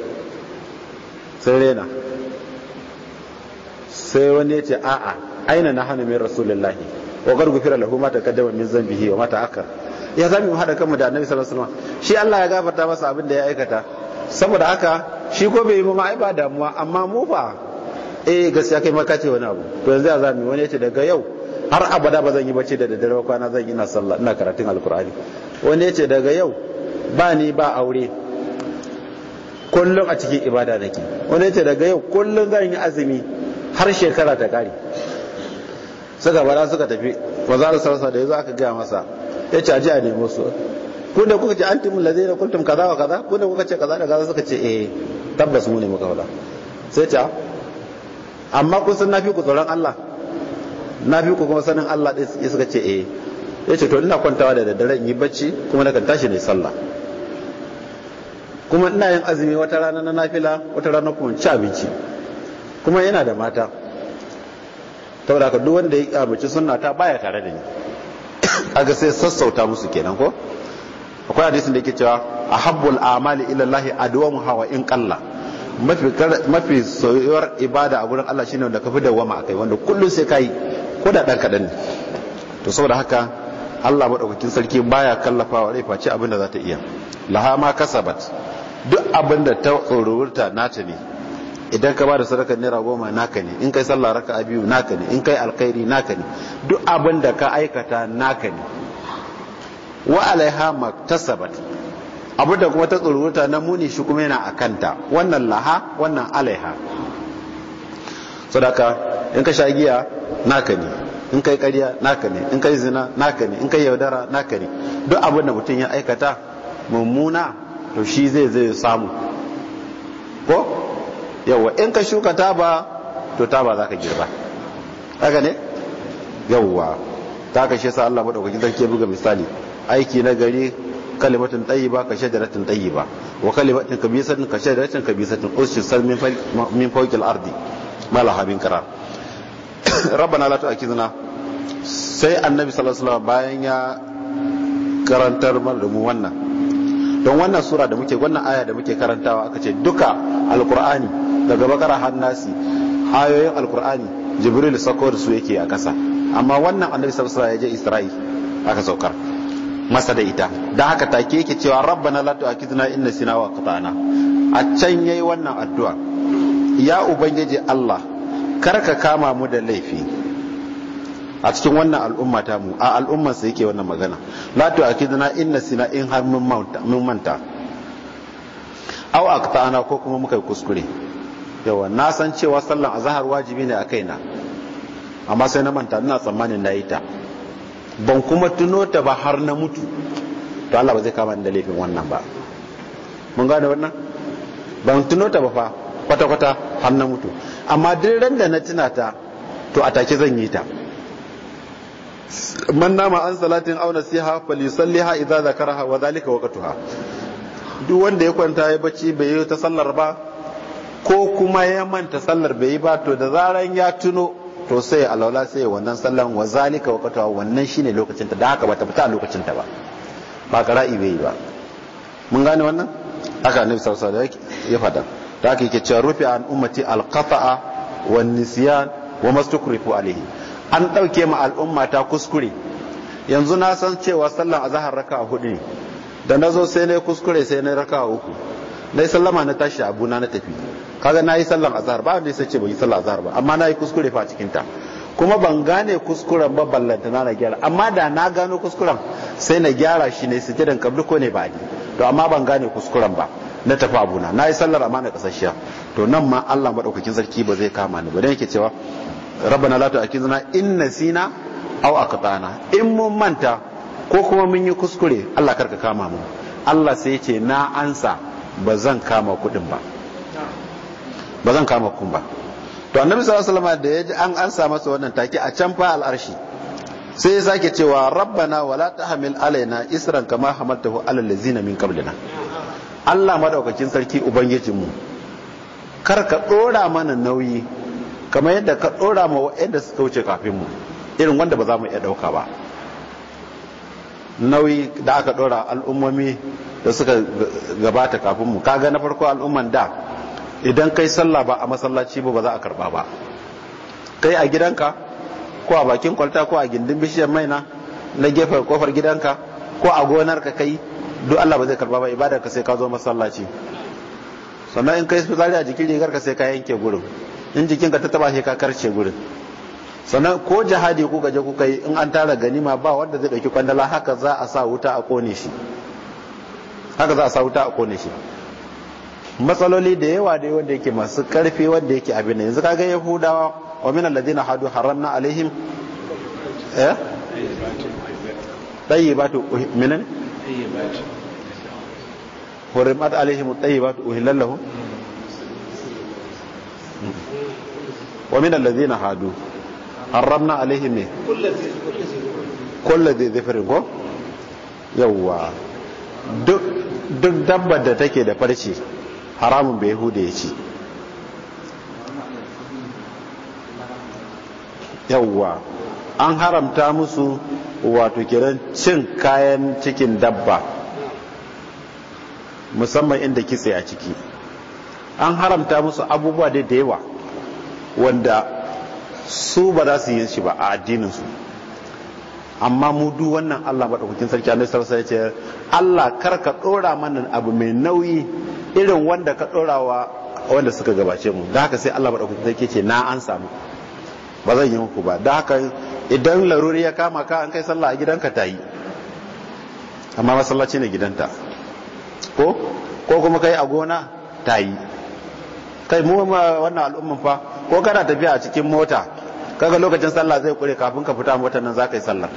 S1: sun rena sai wani ya ce a'a aina na hannu min rasulullahi wa gar gufira lahu ma taqaddama min zambihi wa mata aka ya zami mu hada kanmu da annabi sallallahu alaihi wasallam shi Allah ya gafarta masa abin da ya aikata saboda haka shi ko bai yi ma ai ba damuwa amma mu fa eh gaskiya kai ma ce wani abu to yanzu ya zami wani ya ce daga yau har abada ba zan yi bacci da daddare kwana zan yi ina karatun alkur'ani wani ya ce daga yau ba ni ba aure kullum a cikin ibada nake wani ya ce daga yau kullum zan yi azumi har shekara ta kare suka bara suka tafi wazara sarsa da ya zo aka gaya masa ya ce a nemo su ku da kuka ce an timin lazina kuntum kaza wa kaza ku da kuka ce kaza da kaza suka ce eh tabbas mu ne muka faɗa sai ce amma kun san nafi ku tsoron Allah nafi ku kuma sanin Allah ɗaya suka ce eh ya ce to ina kwantawa da daddare in yi bacci kuma na kan tashi ne sallah kuma ina yin azumi wata rana na nafila wata rana kuma ci abinci kuma yana da mata ta ka duk wanda ya mace suna ta baya tare da ni kaga sai sassauta musu kenan ko akwai hadisin da yake cewa a habbul amali ilallahi Allah adwamu hawa in kalla, mafi soyuwar ibada a wurin Allah shine wanda kafi dawama kai, wanda kullum sai kai ko da dan kadan ne to saboda haka Allah madaukakin sarki baya kallafawa rai face abin da za ta iya Lahama kasabat duk abin da ta na nata ne idan ka bada sadakar naira goma naka ne in kai sallah raka biyu naka ne in kai alkhairi naka ne duk abin da ka aikata naka ne wa alaiha maktasabat abin da kuma ta tsoruta na muni shi kuma yana akanta wannan laha wannan alaiha sadaka in ka sha giya naka ne in kai ƙarya naka ne in kai zina naka ne in kai yaudara naka ne duk abin da mutum ya aikata mummuna to shi zai zai samu ko Yawwa in ka shuka taba to taba za ka girba haka ne yawwa ta ka shi sa Allah madaukakin sarki ya buga misali aiki na gari kalimatin ba ka shajaratin ba wa kalimatin kabisatin ka shajaratin kabisatin ushin sal min fokil ardi malaha min qarar rabbana la tu'akhidhna sai annabi sallallahu alaihi wasallam bayan ya karantar da mu wannan don wannan sura da muke wannan aya da muke karantawa aka ce duka alqur'ani daga bakara hannasi ayoyin alkur'ani jibril sako da su yake a kasa amma wannan annabi sallallahu alaihi ya je isra'i aka saukar masa da ita da haka take yake cewa rabbana la tu'akizna inna sina wa qata'na a can yayi wannan addu'a ya ubangiji Allah kar ka kama mu da laifi a cikin wannan al'umma ta mu a al'umman sa yake wannan magana la tu'akizna inna sina in har mun manta mun manta aw aqta'na ko kuma muka kuskure yawa na san cewa sallan azahar wajibi ne a kaina amma sai na manta ina tsammanin na yi ta ban kuma tuno ta ba har na mutu to Allah ba zai kama da laifin wannan ba mun gane wannan ban tuno ta ba fa kwata-kwata har na mutu amma duk ran da na tuna ta to a take zan yi ta man nama an salatin auna siha falisalliha idza zakaraha wa zalika waqtuha duk wanda ya kwanta ya bacci bai yi ta sallar ba ko kuma ya manta sallar bai yi ba to da zaran ya tuno to sai alaula sai wannan sallan wa zalika wa qatawa wannan shine lokacin ta da haka bata fita a lokacin ta ba ba qara'i bai yi ba mun gane wannan haka annabi sallallahu alaihi wasallam ya fada da haka yake cewa rufi an ummati alqata'a wan nisyan wa mastukrifu alaihi an dauke ma al'umma ta kuskure yanzu na san cewa sallan azhar raka'a hudu ne da nazo sai na kuskure sai na raka'a uku na yi sallama na tashi abuna na tafi kaga na yi sallan azhar ba wanda ya sace ba yi sallan azhar ba amma na yi kuskure fa cikin ta kuma ban gane kuskuren ba ballanta na gyara amma da na gano kuskuren sai na gyara shi ne sujudan kabli ko ne ba ni to amma ban gane kuskuren ba na tafi abuna na yi sallar amana kasashiya to nan ma Allah madaukakin sarki ba zai kama ni ba dan yake cewa rabbana la tu'akhidhna in nasina aw aqtana in mun manta ko kuma mun yi kuskure Allah karka kama mu Allah sai ya ce na ansa ba zan kama kuɗin ba ba zan kama kun ba to annabi sallallahu alaihi wasallam da ya ji an ansa masa wannan take a can fa al'arshi sai ya sake cewa rabbana wala tahmil alaina isran kama hamaltahu alal ladzina min qablina Allah madaukakin sarki ubangijinmu kar ka dora mana nauyi kamar yadda ka dora ma wanda suka wuce kafin mu irin wanda ba za mu iya dauka ba nauyi da aka dora al'ummomi da suka gabata kafin mu kaga na farko al'umman da idan kai sallah ba a masallaci ba za a karba ba kai a gidanka ko a bakin kwalta ko a gindin bishiyar maina na gefen kofar gidanka ko a gonar ka kai duk Allah ba zai karba ba ibadar ka sai ka zo masallaci sannan in kai fitsari a jikin rigar ka sai ka yanke gurin in jikinka ta taba shi ka karce gurin sannan ko jihadi kuka je kuka yi in an tara ganima ba wanda zai dauki kwandala haka za a sa wuta a kone shi haka za a sa wuta a kone shi matsaloli da yawa da wanda yake masu karfi wanda yake abin yanzu kaga yahudawa wa min alladhina hadu haramna alaihim eh tayyibatu minan tayyibatu hurimat alaihim tayyibatu uhillal ko yawwa duk dabbar da take da farce haramun bai hude ya ci yawwa an haramta musu wato kiran cin kayan cikin dabba musamman inda kitse a ciki an haramta musu abubuwa da yawa wanda su ba za su yi shi ba a addininsu amma mudu wannan Allah maɗaukakin sarki annabi sallallahu alaihi ce. Allah kar ka ɗora mana abu mai nauyi irin wanda ka ɗorawa wanda suka gabace mu da haka sai Allah maɗaukaki sarki ce na an samu ba zan yi muku ba da haka idan laruri ya kama ka an kai sallah a gidanka ta yi amma masallaci ne gidanta ko ko kuma kai a gona ta yi kai mu wannan al'umman fa ko kana tafiya a cikin mota kaga lokacin sallah zai kure kafin ka fita motar nan za ka yi sallar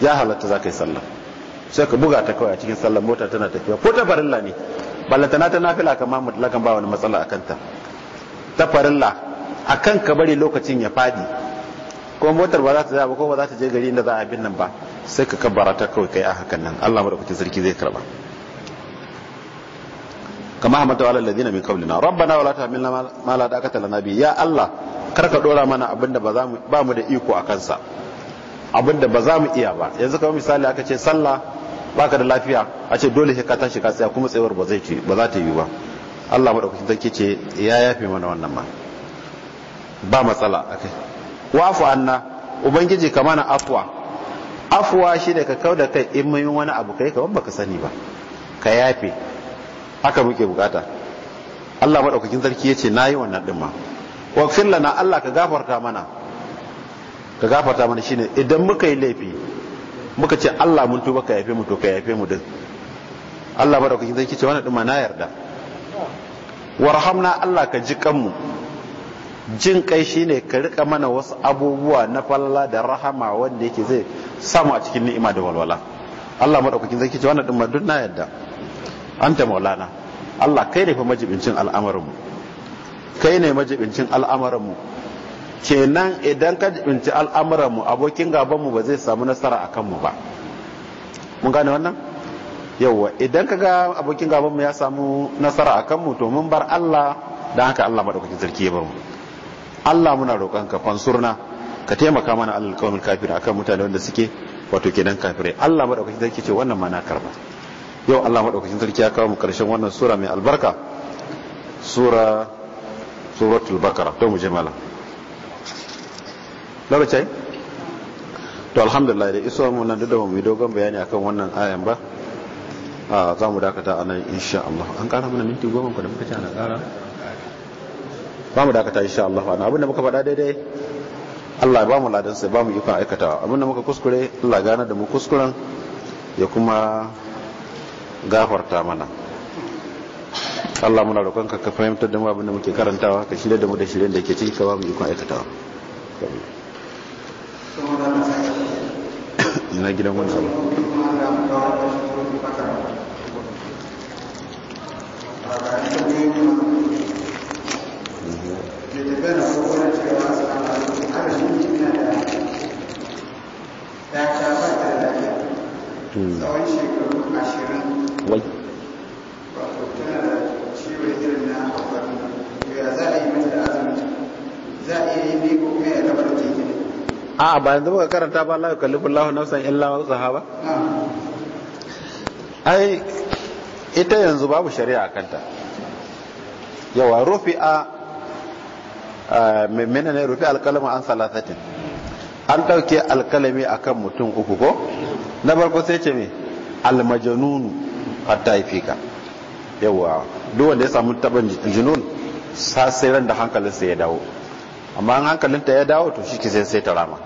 S1: ya halatta za ka yi sallar sai ka buga ta kawai a cikin sallar mota tana tafiya ko ta farilla ne na ta nafila kamar mutlakan ba wani matsala akan ta ta farilla akan ka bari lokacin ya fadi ko motar ba za ta zaba ko ba za ta je gari inda za a bin nan ba sai ka kabbara ta kawai kai a hakan nan Allah madaukakin sarki zai karba kama hamata wa alladhina min qablina rabbana wala tahmilna ma la taqata lana bi ya Allah kar ka dora mana abinda ba za mu ba mu da iko akan sa abinda ba za mu iya ba yanzu kamar misali aka ce sallah baka da lafiya a ce dole ka tashi ka tsaya kuma tsayuwar ba zai ci ba za ta yi ba Allah madaukakin take ce ya yafe mana wannan ma ba matsala akai wafu anna ubangiji kama na Afuwa afuwa shi da ka kau da kai in mun wani abu kai ka baka sani ba ka yafe haka muke bukata Allah madaukakin sarki na yi wannan ɗin ma Wa lana Allah ka gafarta mana ka gafarta mana shine idan muka yi laifi muka ce Allah mun tuba ka yafe mu to ka yafe mu din Allah madaukakin sarki ce wannan din ma na yarda warhamna Allah ka ji kanmu jin kai shine ka rika mana wasu abubuwa na falla da rahama wanda yake zai samu a cikin ni'ima da walwala Allah madaukakin sarki ce wannan din ma duk na yarda anta maulana Allah kai ne fa majibincin al'amarin mu kai ne majibincin al'amarin mu kenan idan ka jibinci al'amuranmu abokin gabanmu ba zai samu nasara a kanmu ba mun gane wannan yauwa idan ka ga abokin gabanmu ya samu nasara a kanmu to mun bar allah don haka allah maɗaukakin sarki ya bamu allah muna roƙon ka fansurna ka taimaka mana allah kawai a akan mutane wanda suke wato kenan kafirai allah maɗaukakin sarki ce wannan ma na karba yau allah maɗaukakin sarki ya kawo mu ƙarshen wannan sura mai albarka sura suratul bakara to mu je cai to alhamdulillah da iso mu nan da mu dogon bayani akan wannan ayan ba a za mu dakata a nan insha Allah an kara mana minti goma ku da muka ci ana kara ba mu dakata insha Allah ana abin da muka faɗa daidai Allah ya ba mu ladan sai ba mu ikon aikata abin da muka kuskure Allah gana da mu kuskuren ya kuma gafarta mana Allah muna roƙon ka ka fahimtar da mu abin da muke karantawa ka shirya da mu da shiryen da ke ciki ka ba mu ikon aikatawa ina gidan wannan
S3: Wai. za a iya yi ne ko kuma ya
S1: rabar da Aa ba yanzu muka karanta ba la yukallifu Allahu nafsan illa wus'aha ba ai ita yanzu babu shari'a kanta yawa rufi'a mena ne rufi alkalama an salatatin an ɗauke alkalami akan mutum uku ko na farko sai ce me almajanunu hatta ifika yawa duk wanda ya samu taban junun sai ran da hankalinsa ya dawo amma an hankalinta ya dawo to shi ki sai sai ta rama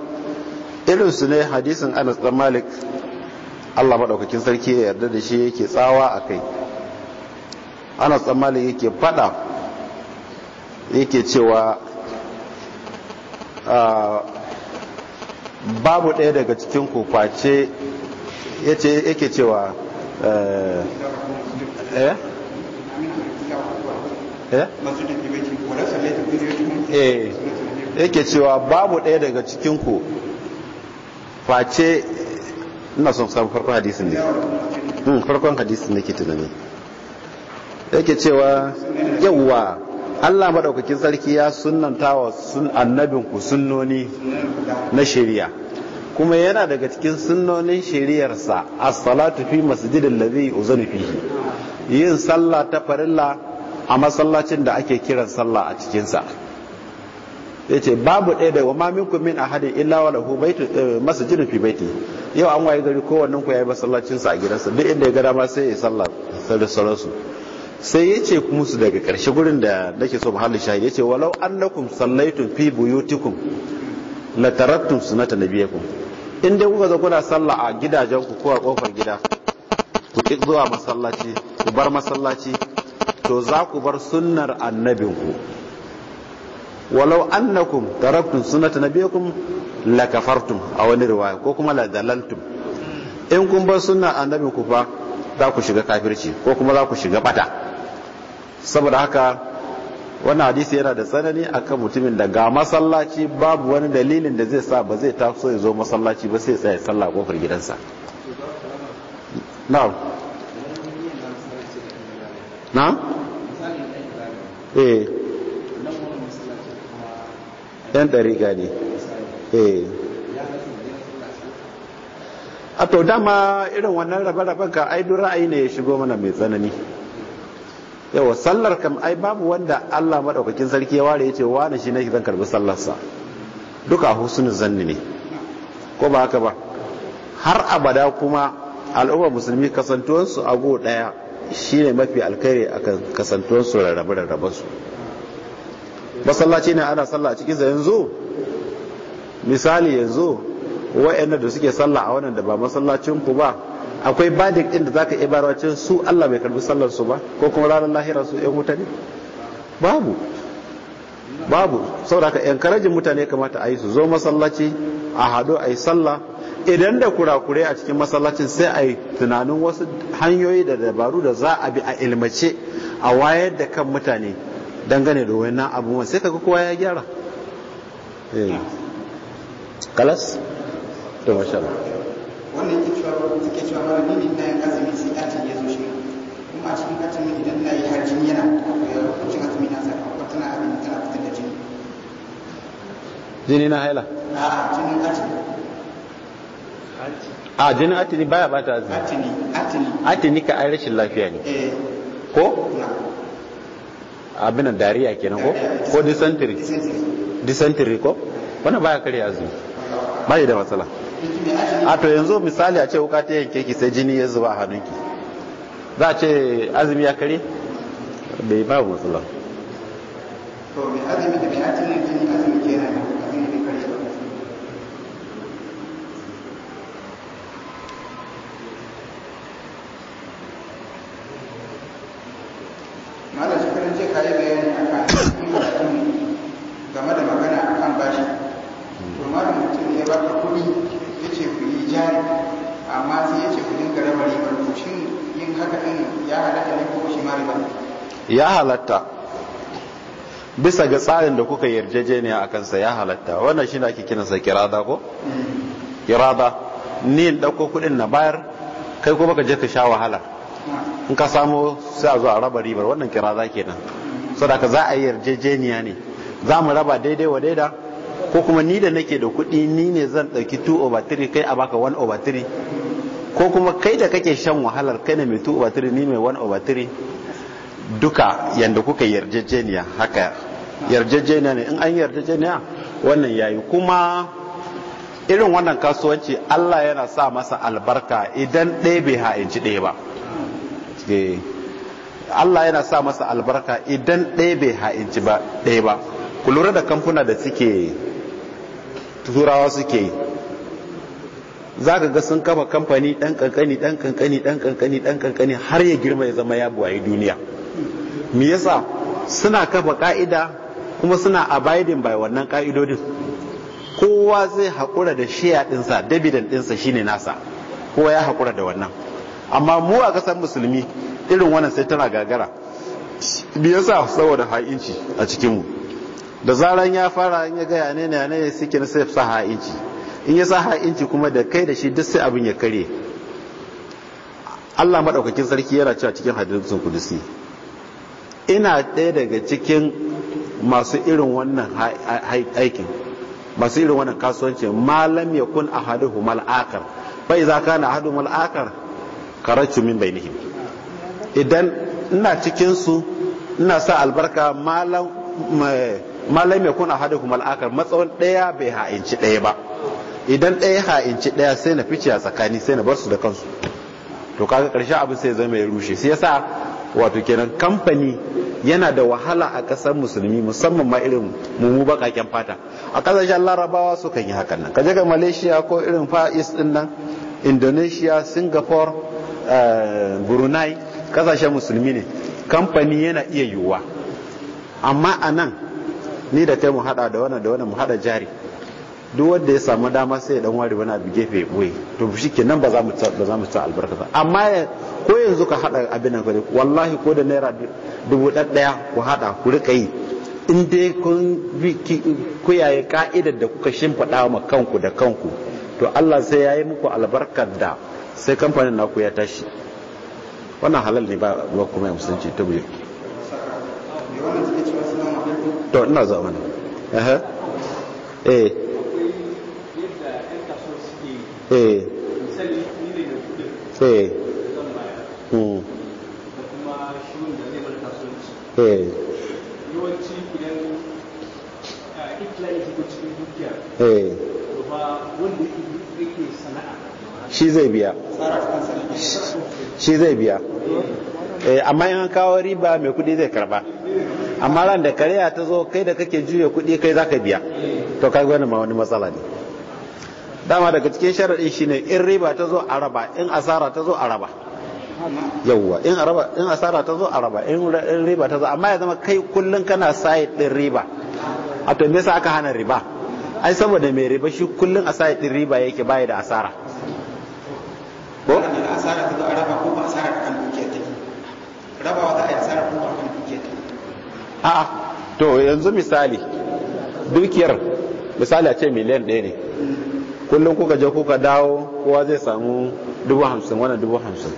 S1: irinsu ne hadisin anas dan malik allah maɗaukakin sarki ya yarda da shi yake tsawa a kai anas dan malik yake faɗa yake cewa ah, babu ɗaya daga cikin kuface yake cewa eh eh? eh eh yake cewa babu ɗaya daga cikinku face ina son samu farkon hadisin ne hmm farkon hadisin nake tunani yake cewa yawwa Allah maɗaukakin sarki ya sunanta wa sun annabin ku sunnoni na shari'a kuma yana daga cikin sunnonin shari'arsa a salatu fi da ladhi uzanu fihi yin sallah ta farilla a masallacin da ake kiran sallah a cikinsa yace babu ɗaya da wama ma kumin a hadin illa wa lahu baitu eh, masjidun fi baiti yau an waye gari kowannen ku yayi masallacin sa a gidansa duk inda ya ga dama sai ya sallah da sauransu sai yace musu daga karshe gurin da nake so mahalli shahid ce walau annakum sallaitum fi buyutikum la taraktum sunnata nabiyakum in dai kuka zo kuna sallah a gidajen ku ko a kofar gida ku ki zuwa masallaci ku bar masallaci to za ku bar sunnar annabinku walau suna taraktum sunnata nabiyakum lakafartum a wani riwaya ko kuma la in kun bar sunna annabin ku fa za ku shiga kafirci ko kuma za ku shiga bata saboda haka wani hadisi yana da tsanani akan mutumin da ga masallaci babu wani dalilin da zai sa ba zai so ya zo masallaci ba sai tsaya sallah kofar gidansa
S3: Na yan ɗariƙa ne eh.
S1: a to dama irin wannan rabe-raben ka ai duk ra'ayi ne ya shigo mana mai tsanani yawa sallar kam ai babu wanda Allah maɗaukakin sarki ya ware ya ce wani shi ne zan karbi sallarsa duka husnul zanni ne ko ba haka ba har abada kuma al'umma musulmi kasantuwarsu a go ɗaya shine mafi alkhairi a kasantuwarsu rarrabe-rarrabensu masallaci ne ana sallah a cikin sa yanzu misali yanzu wa'annan da suke sallah a wannan da ba masallacin ku ba akwai badik din da zaka iya bayarwa su Allah bai karbi sallar su ba ko kuma ranar lahira su yan mutane? babu babu saboda haka karajin mutane kamata a yi su zo masallaci a hado a yi sallah idan da kurakurai a cikin masallacin sai a yi tunanin wasu hanyoyi da dabaru da za a bi a ilmace a wayar da kan mutane dangane da wannan abubuwan sai kaga kowa ya gyara eh. kalas to masha Allah wannan ke cewa take
S3: cewa mara ni na yin azumi sai katin ya zo shi kuma a cikin katin idan na yi har jini yana hukuncin azumi na sa ko tana azumi tana fitar da jini
S1: jini na haila a jinin katin a jinin atini baya bata azumi atini atini atini ka ai rashin lafiya ne eh. ko na'am abinan dariya kenan ko ko dysentery dysentery ko wannan baya kare azumi bai da matsala a to yanzu misali a ce wuka ta yanke ki sai jini ya zuba hannunki za a ce azumi ya kare bai ba matsala
S3: to mai azumi da mai hatin jini azumi
S1: ya halatta bisa ga tsarin da kuka yarjejeniya a kansa ya halatta wannan shi ne ake kinansa kirada ko kirada ni in ɗauko kuɗin na bayar kai kuma ka je ka sha wahala in ka samu sai a zo a raba ribar wannan kirada kenan saboda za a yi yarjejeniya ne za mu raba daidai wa daida ko kuma ni da nake da kuɗi ni ne zan ɗauki 2 over 3 kai a baka 1 over 3 ko kuma kai da kake shan wahalar kai ne mai 2 over 3 ni mai 1 over 3 duka yadda kuka yarjejeniya haka yarjejeniya ne in an yarjejeniya wannan yayi kuma irin wannan kasuwanci Allah yana sa masa albarka idan ɗaya bai ha'inci ɗaya ba eh. Allah yana sa masa albarka idan ɗaya bai ha'inci ba ɗaya ba ku lura da kamfuna da suke turawa suke yi za ka ga sun kafa kamfani ɗan ƙanƙani ɗan ƙanƙani ɗan ƙanƙani ɗan ƙanƙani har ya girma ya zama ya buwaye duniya me yasa suna kafa ƙa'ida kuma suna abiding by wannan ƙa'idodin? kowa zai haƙura da shiya ɗinsa dabidan ɗinsa shine nasa kowa ya haƙura da wannan amma mu a ƙasar musulmi irin wannan sai tana gagara bi sa saboda ha'inci a cikinmu da zaran ya fara in ya gaya ne ne ne sike na sai sa ha'inci in ya sa ha'inci kuma da kai da shi duk sai abin ya kare Allah madaukakin sarki yana cewa cikin hadisin kudusi ina ɗaya daga cikin masu irin wannan aikin masu irin wannan kasuwanci malam ya kun ahaduhum al-akhar fa idza kana ahaduhum al-akhar karatu min bainihim idan ina cikin su ina sa albarka malai mai kuna hada kuma al'akar matsawon ɗaya bai ha'inci ɗaya ba idan ɗaya ha'inci ɗaya sai na fice a tsakani sai na bar su da kansu to kaga ƙarshen abin sai zama ya rushe sai yasa wato kenan kamfani yana da wahala a ƙasar musulmi musamman ma irin mumu baƙaƙen fata a ƙasashen larabawa su kan yi hakan nan kaje ga malaysia ko irin far east din nan indonesia singapore eh, brunei kasashen musulmi ne kamfani yana iya yiwuwa amma a nan ni da kai hada da wani da wani mu hada jari duk wanda ya samu dama sai ya dan wari wani abu gefe ya boye to shi ke nan ba za mu ci albarka ba amma ko yanzu ka hada abin nan kare wallahi ko da naira dubu ɗaya ku hada ku rika yi in dai kun kuyaye ka'idar da kuka shimfiɗa ma kanku da kanku to Allah sai ya yi muku albarkar da sai kamfanin naku ya tashi wannan halal ne ba ruwa kuma ya musulunci ta biyu
S2: to ina zama ne
S1: eh eh eh hmm. eh eh shi zai biya shi zai biya eh, amma in kawo riba mai kuɗi zai karba amma ran da kariya ta zo kai da kake juya kuɗi kai za ka biya to kai wani ma wani matsala ne dama daga cikin sharaɗi shine in riba ta zo a raba in asara ta zo a raba yawwa in araba in asara ta zo a raba in riba ta zo amma ya zama kai kullun kana sayid din riba a to me yasa aka hana riba ai saboda mai riba shi kullun a sayid din riba yake bai da asara
S3: ko asara ta zo a raba ko rabawa za a yi kuma dukiyar
S1: a'a to yanzu misali dukiyar misali a ce miliyan ɗaya ne kullum kuka je kuka dawo kowa zai samu dubu hamsin wani dubu hamsin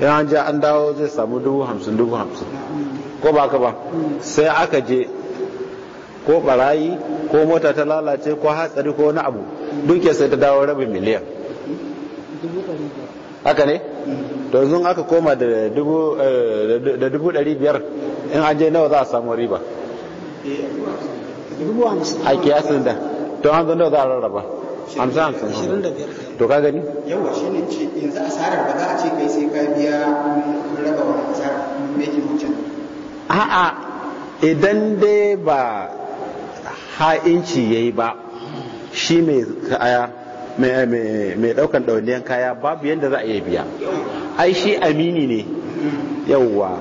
S1: yana an je an dawo zai samu dubu hamsin dubu hamsin ko ba ka ba mm. sai aka je ko barayi ko mota ta lalace ko hatsari ko wani abu mm. dukiyar sai ta dawo rabin miliyan haka ne to yanzu aka koma eh, da dubu ɗari biyar in an je nawa za a samu riba a kiyasin da to an zan nawa za a rarraba hamsin hamsin to ka gani
S3: yawa shi ne ce yanzu asarar ba za a ce kai sai ka biya raba wani asarar mekin
S1: hujjan a'a idan dai ba ha'inci ya yi ba shi mai kaya mai daukan ɗauniyan kaya babu yadda za a iya biya ai shi amini ne yauwa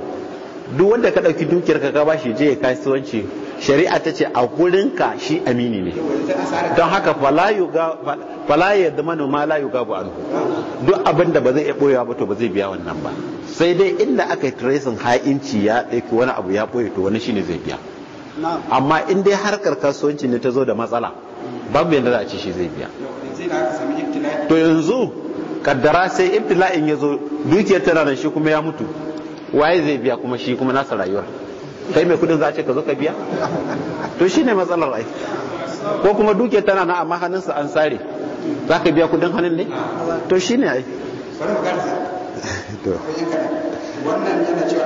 S1: duk wanda ka ɗauki dukiyar ka ba shi je ya kasuwanci shari'a ta ce a gurinka shi amini ne don haka fala ya zama ma la yuga bu anhu duk abin da ba zai iya boyewa ba to ba zai biya wannan ba sai dai inda aka yi tracing ha'inci ya ɗauki wani abu ya boye to wani shine zai biya amma in dai harkar kasuwanci ne ta zo da matsala babu yadda za a ce shi zai biya to yanzu kaddara sai ibtila'in ya zo dukiyar tana nan shi kuma ya mutu waye zai biya kuma shi kuma nasa rayuwa kai mai kudin za a ce ka zo ka biya to ne matsalar ai ko kuma dukiyar tana nan amma hannunsa an sare za ka biya kudin hannun ne to ne ai wannan yana cewa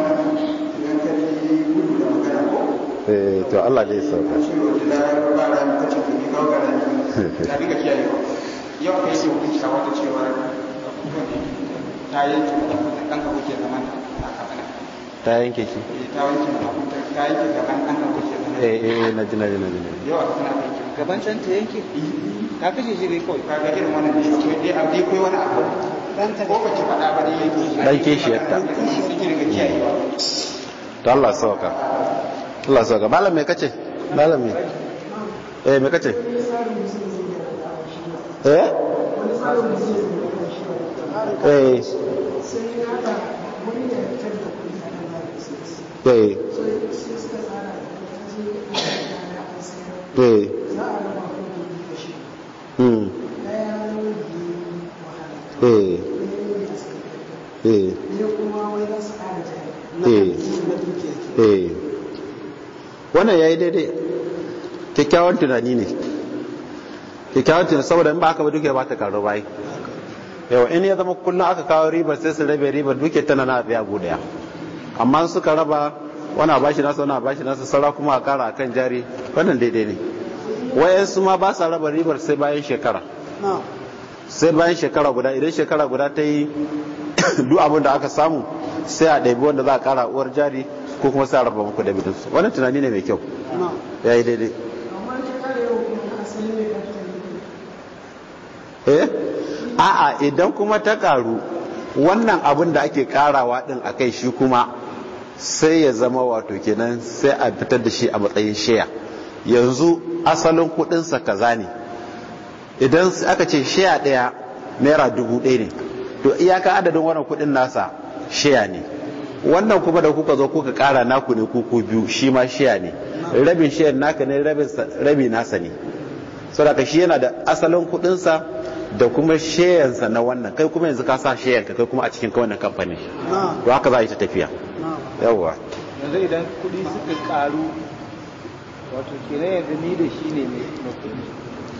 S1: Eh, to Allah dai sauka yau
S3: kai a wata cewar ta yanke mutum ɗan kuke a kafana
S1: ta yanke shi eh, ta
S3: yanke mutum ta yanke ka kuke zaman
S1: eh, eh eh na ji na ji na ji
S3: yau a kafana yanke gaban can ta yanke ta kashe shi dai kawai ka ga irin wannan ne akwai dai abu dai wani abu ko ba ki faɗa ba shi
S1: to Allah sauka Allah sauka malam me kace malam me eh me kace
S3: eh eh eh
S1: eh hmm. eh eh wannan ya yi daidai kyakkyawan tunani ne kyakkyawan tunani saboda in ba aka ba duke ba ta karu bai yau in ya zama kullum aka kawo ribar sai su rabe ribar duke tana na biya abu daya amma suka raba wani bashi nasa wani bashi nasa saura kuma a kara akan jari wannan daidai ne wayansu ma ba sa raba ribar sai bayan shekara sai bayan shekara guda idan shekara guda ta yi duk abin da aka samu sai a ɗabi wanda za a kara uwar jari ko kuma sa raba muku da bidansu wannan tunani ne mai kyau ya yi daidai eh a'a idan kuma ta karu wannan abin da ake karawa din a kai shi kuma sai ya zama wato kenan sai a fitar da shi a matsayin shaya. yanzu asalin kudinsa kaza ne idan aka ce shaya daya naira dubu ɗaya ne to iyaka adadin wannan kudin nasa shaya ne wannan kuma da kuka zo kuka kara naku ne kuku biyu shi ma shiya ne rabin shiyar naka ne rabin nasa ne saboda shi yana da asalin kudinsa da kuma shiyarsa na wannan kai kuma yanzu ka sa ka kai kuma a cikin wannan kamfani. to haka za a yi ta tafiya yawwa
S2: yanzu idan suka karu wato kenan yanzu ni da shi ne mai kudi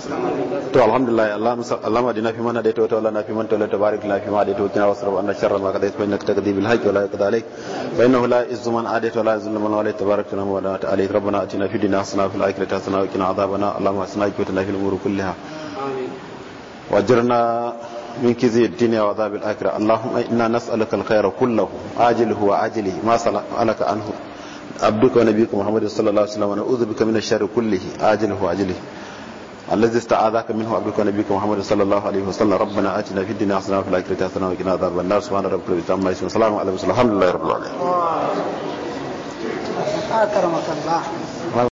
S3: to
S1: alhamdulillah Allah ma dina fi mana daita wata wala na fi manta ta barik la fi ma anna sharra ma kadai fa innaka taqdi bil wa la alayk fa innahu la izzu man wa la man tabarak wa rabbana atina dunya hasana fil akhirati hasana wa qina adhabana fil kulliha amin wajirna الذي استعاذك منه عبدك نبيك محمد صلى الله عليه وسلم ربنا اتنا في الدنيا حسنه وفي الاخره حسنه وقنا عذاب النار سبحان ربك رب العزه عما يصفون وسلام على المرسلين الحمد لله رب العالمين.
S3: اكرمك آه، الله.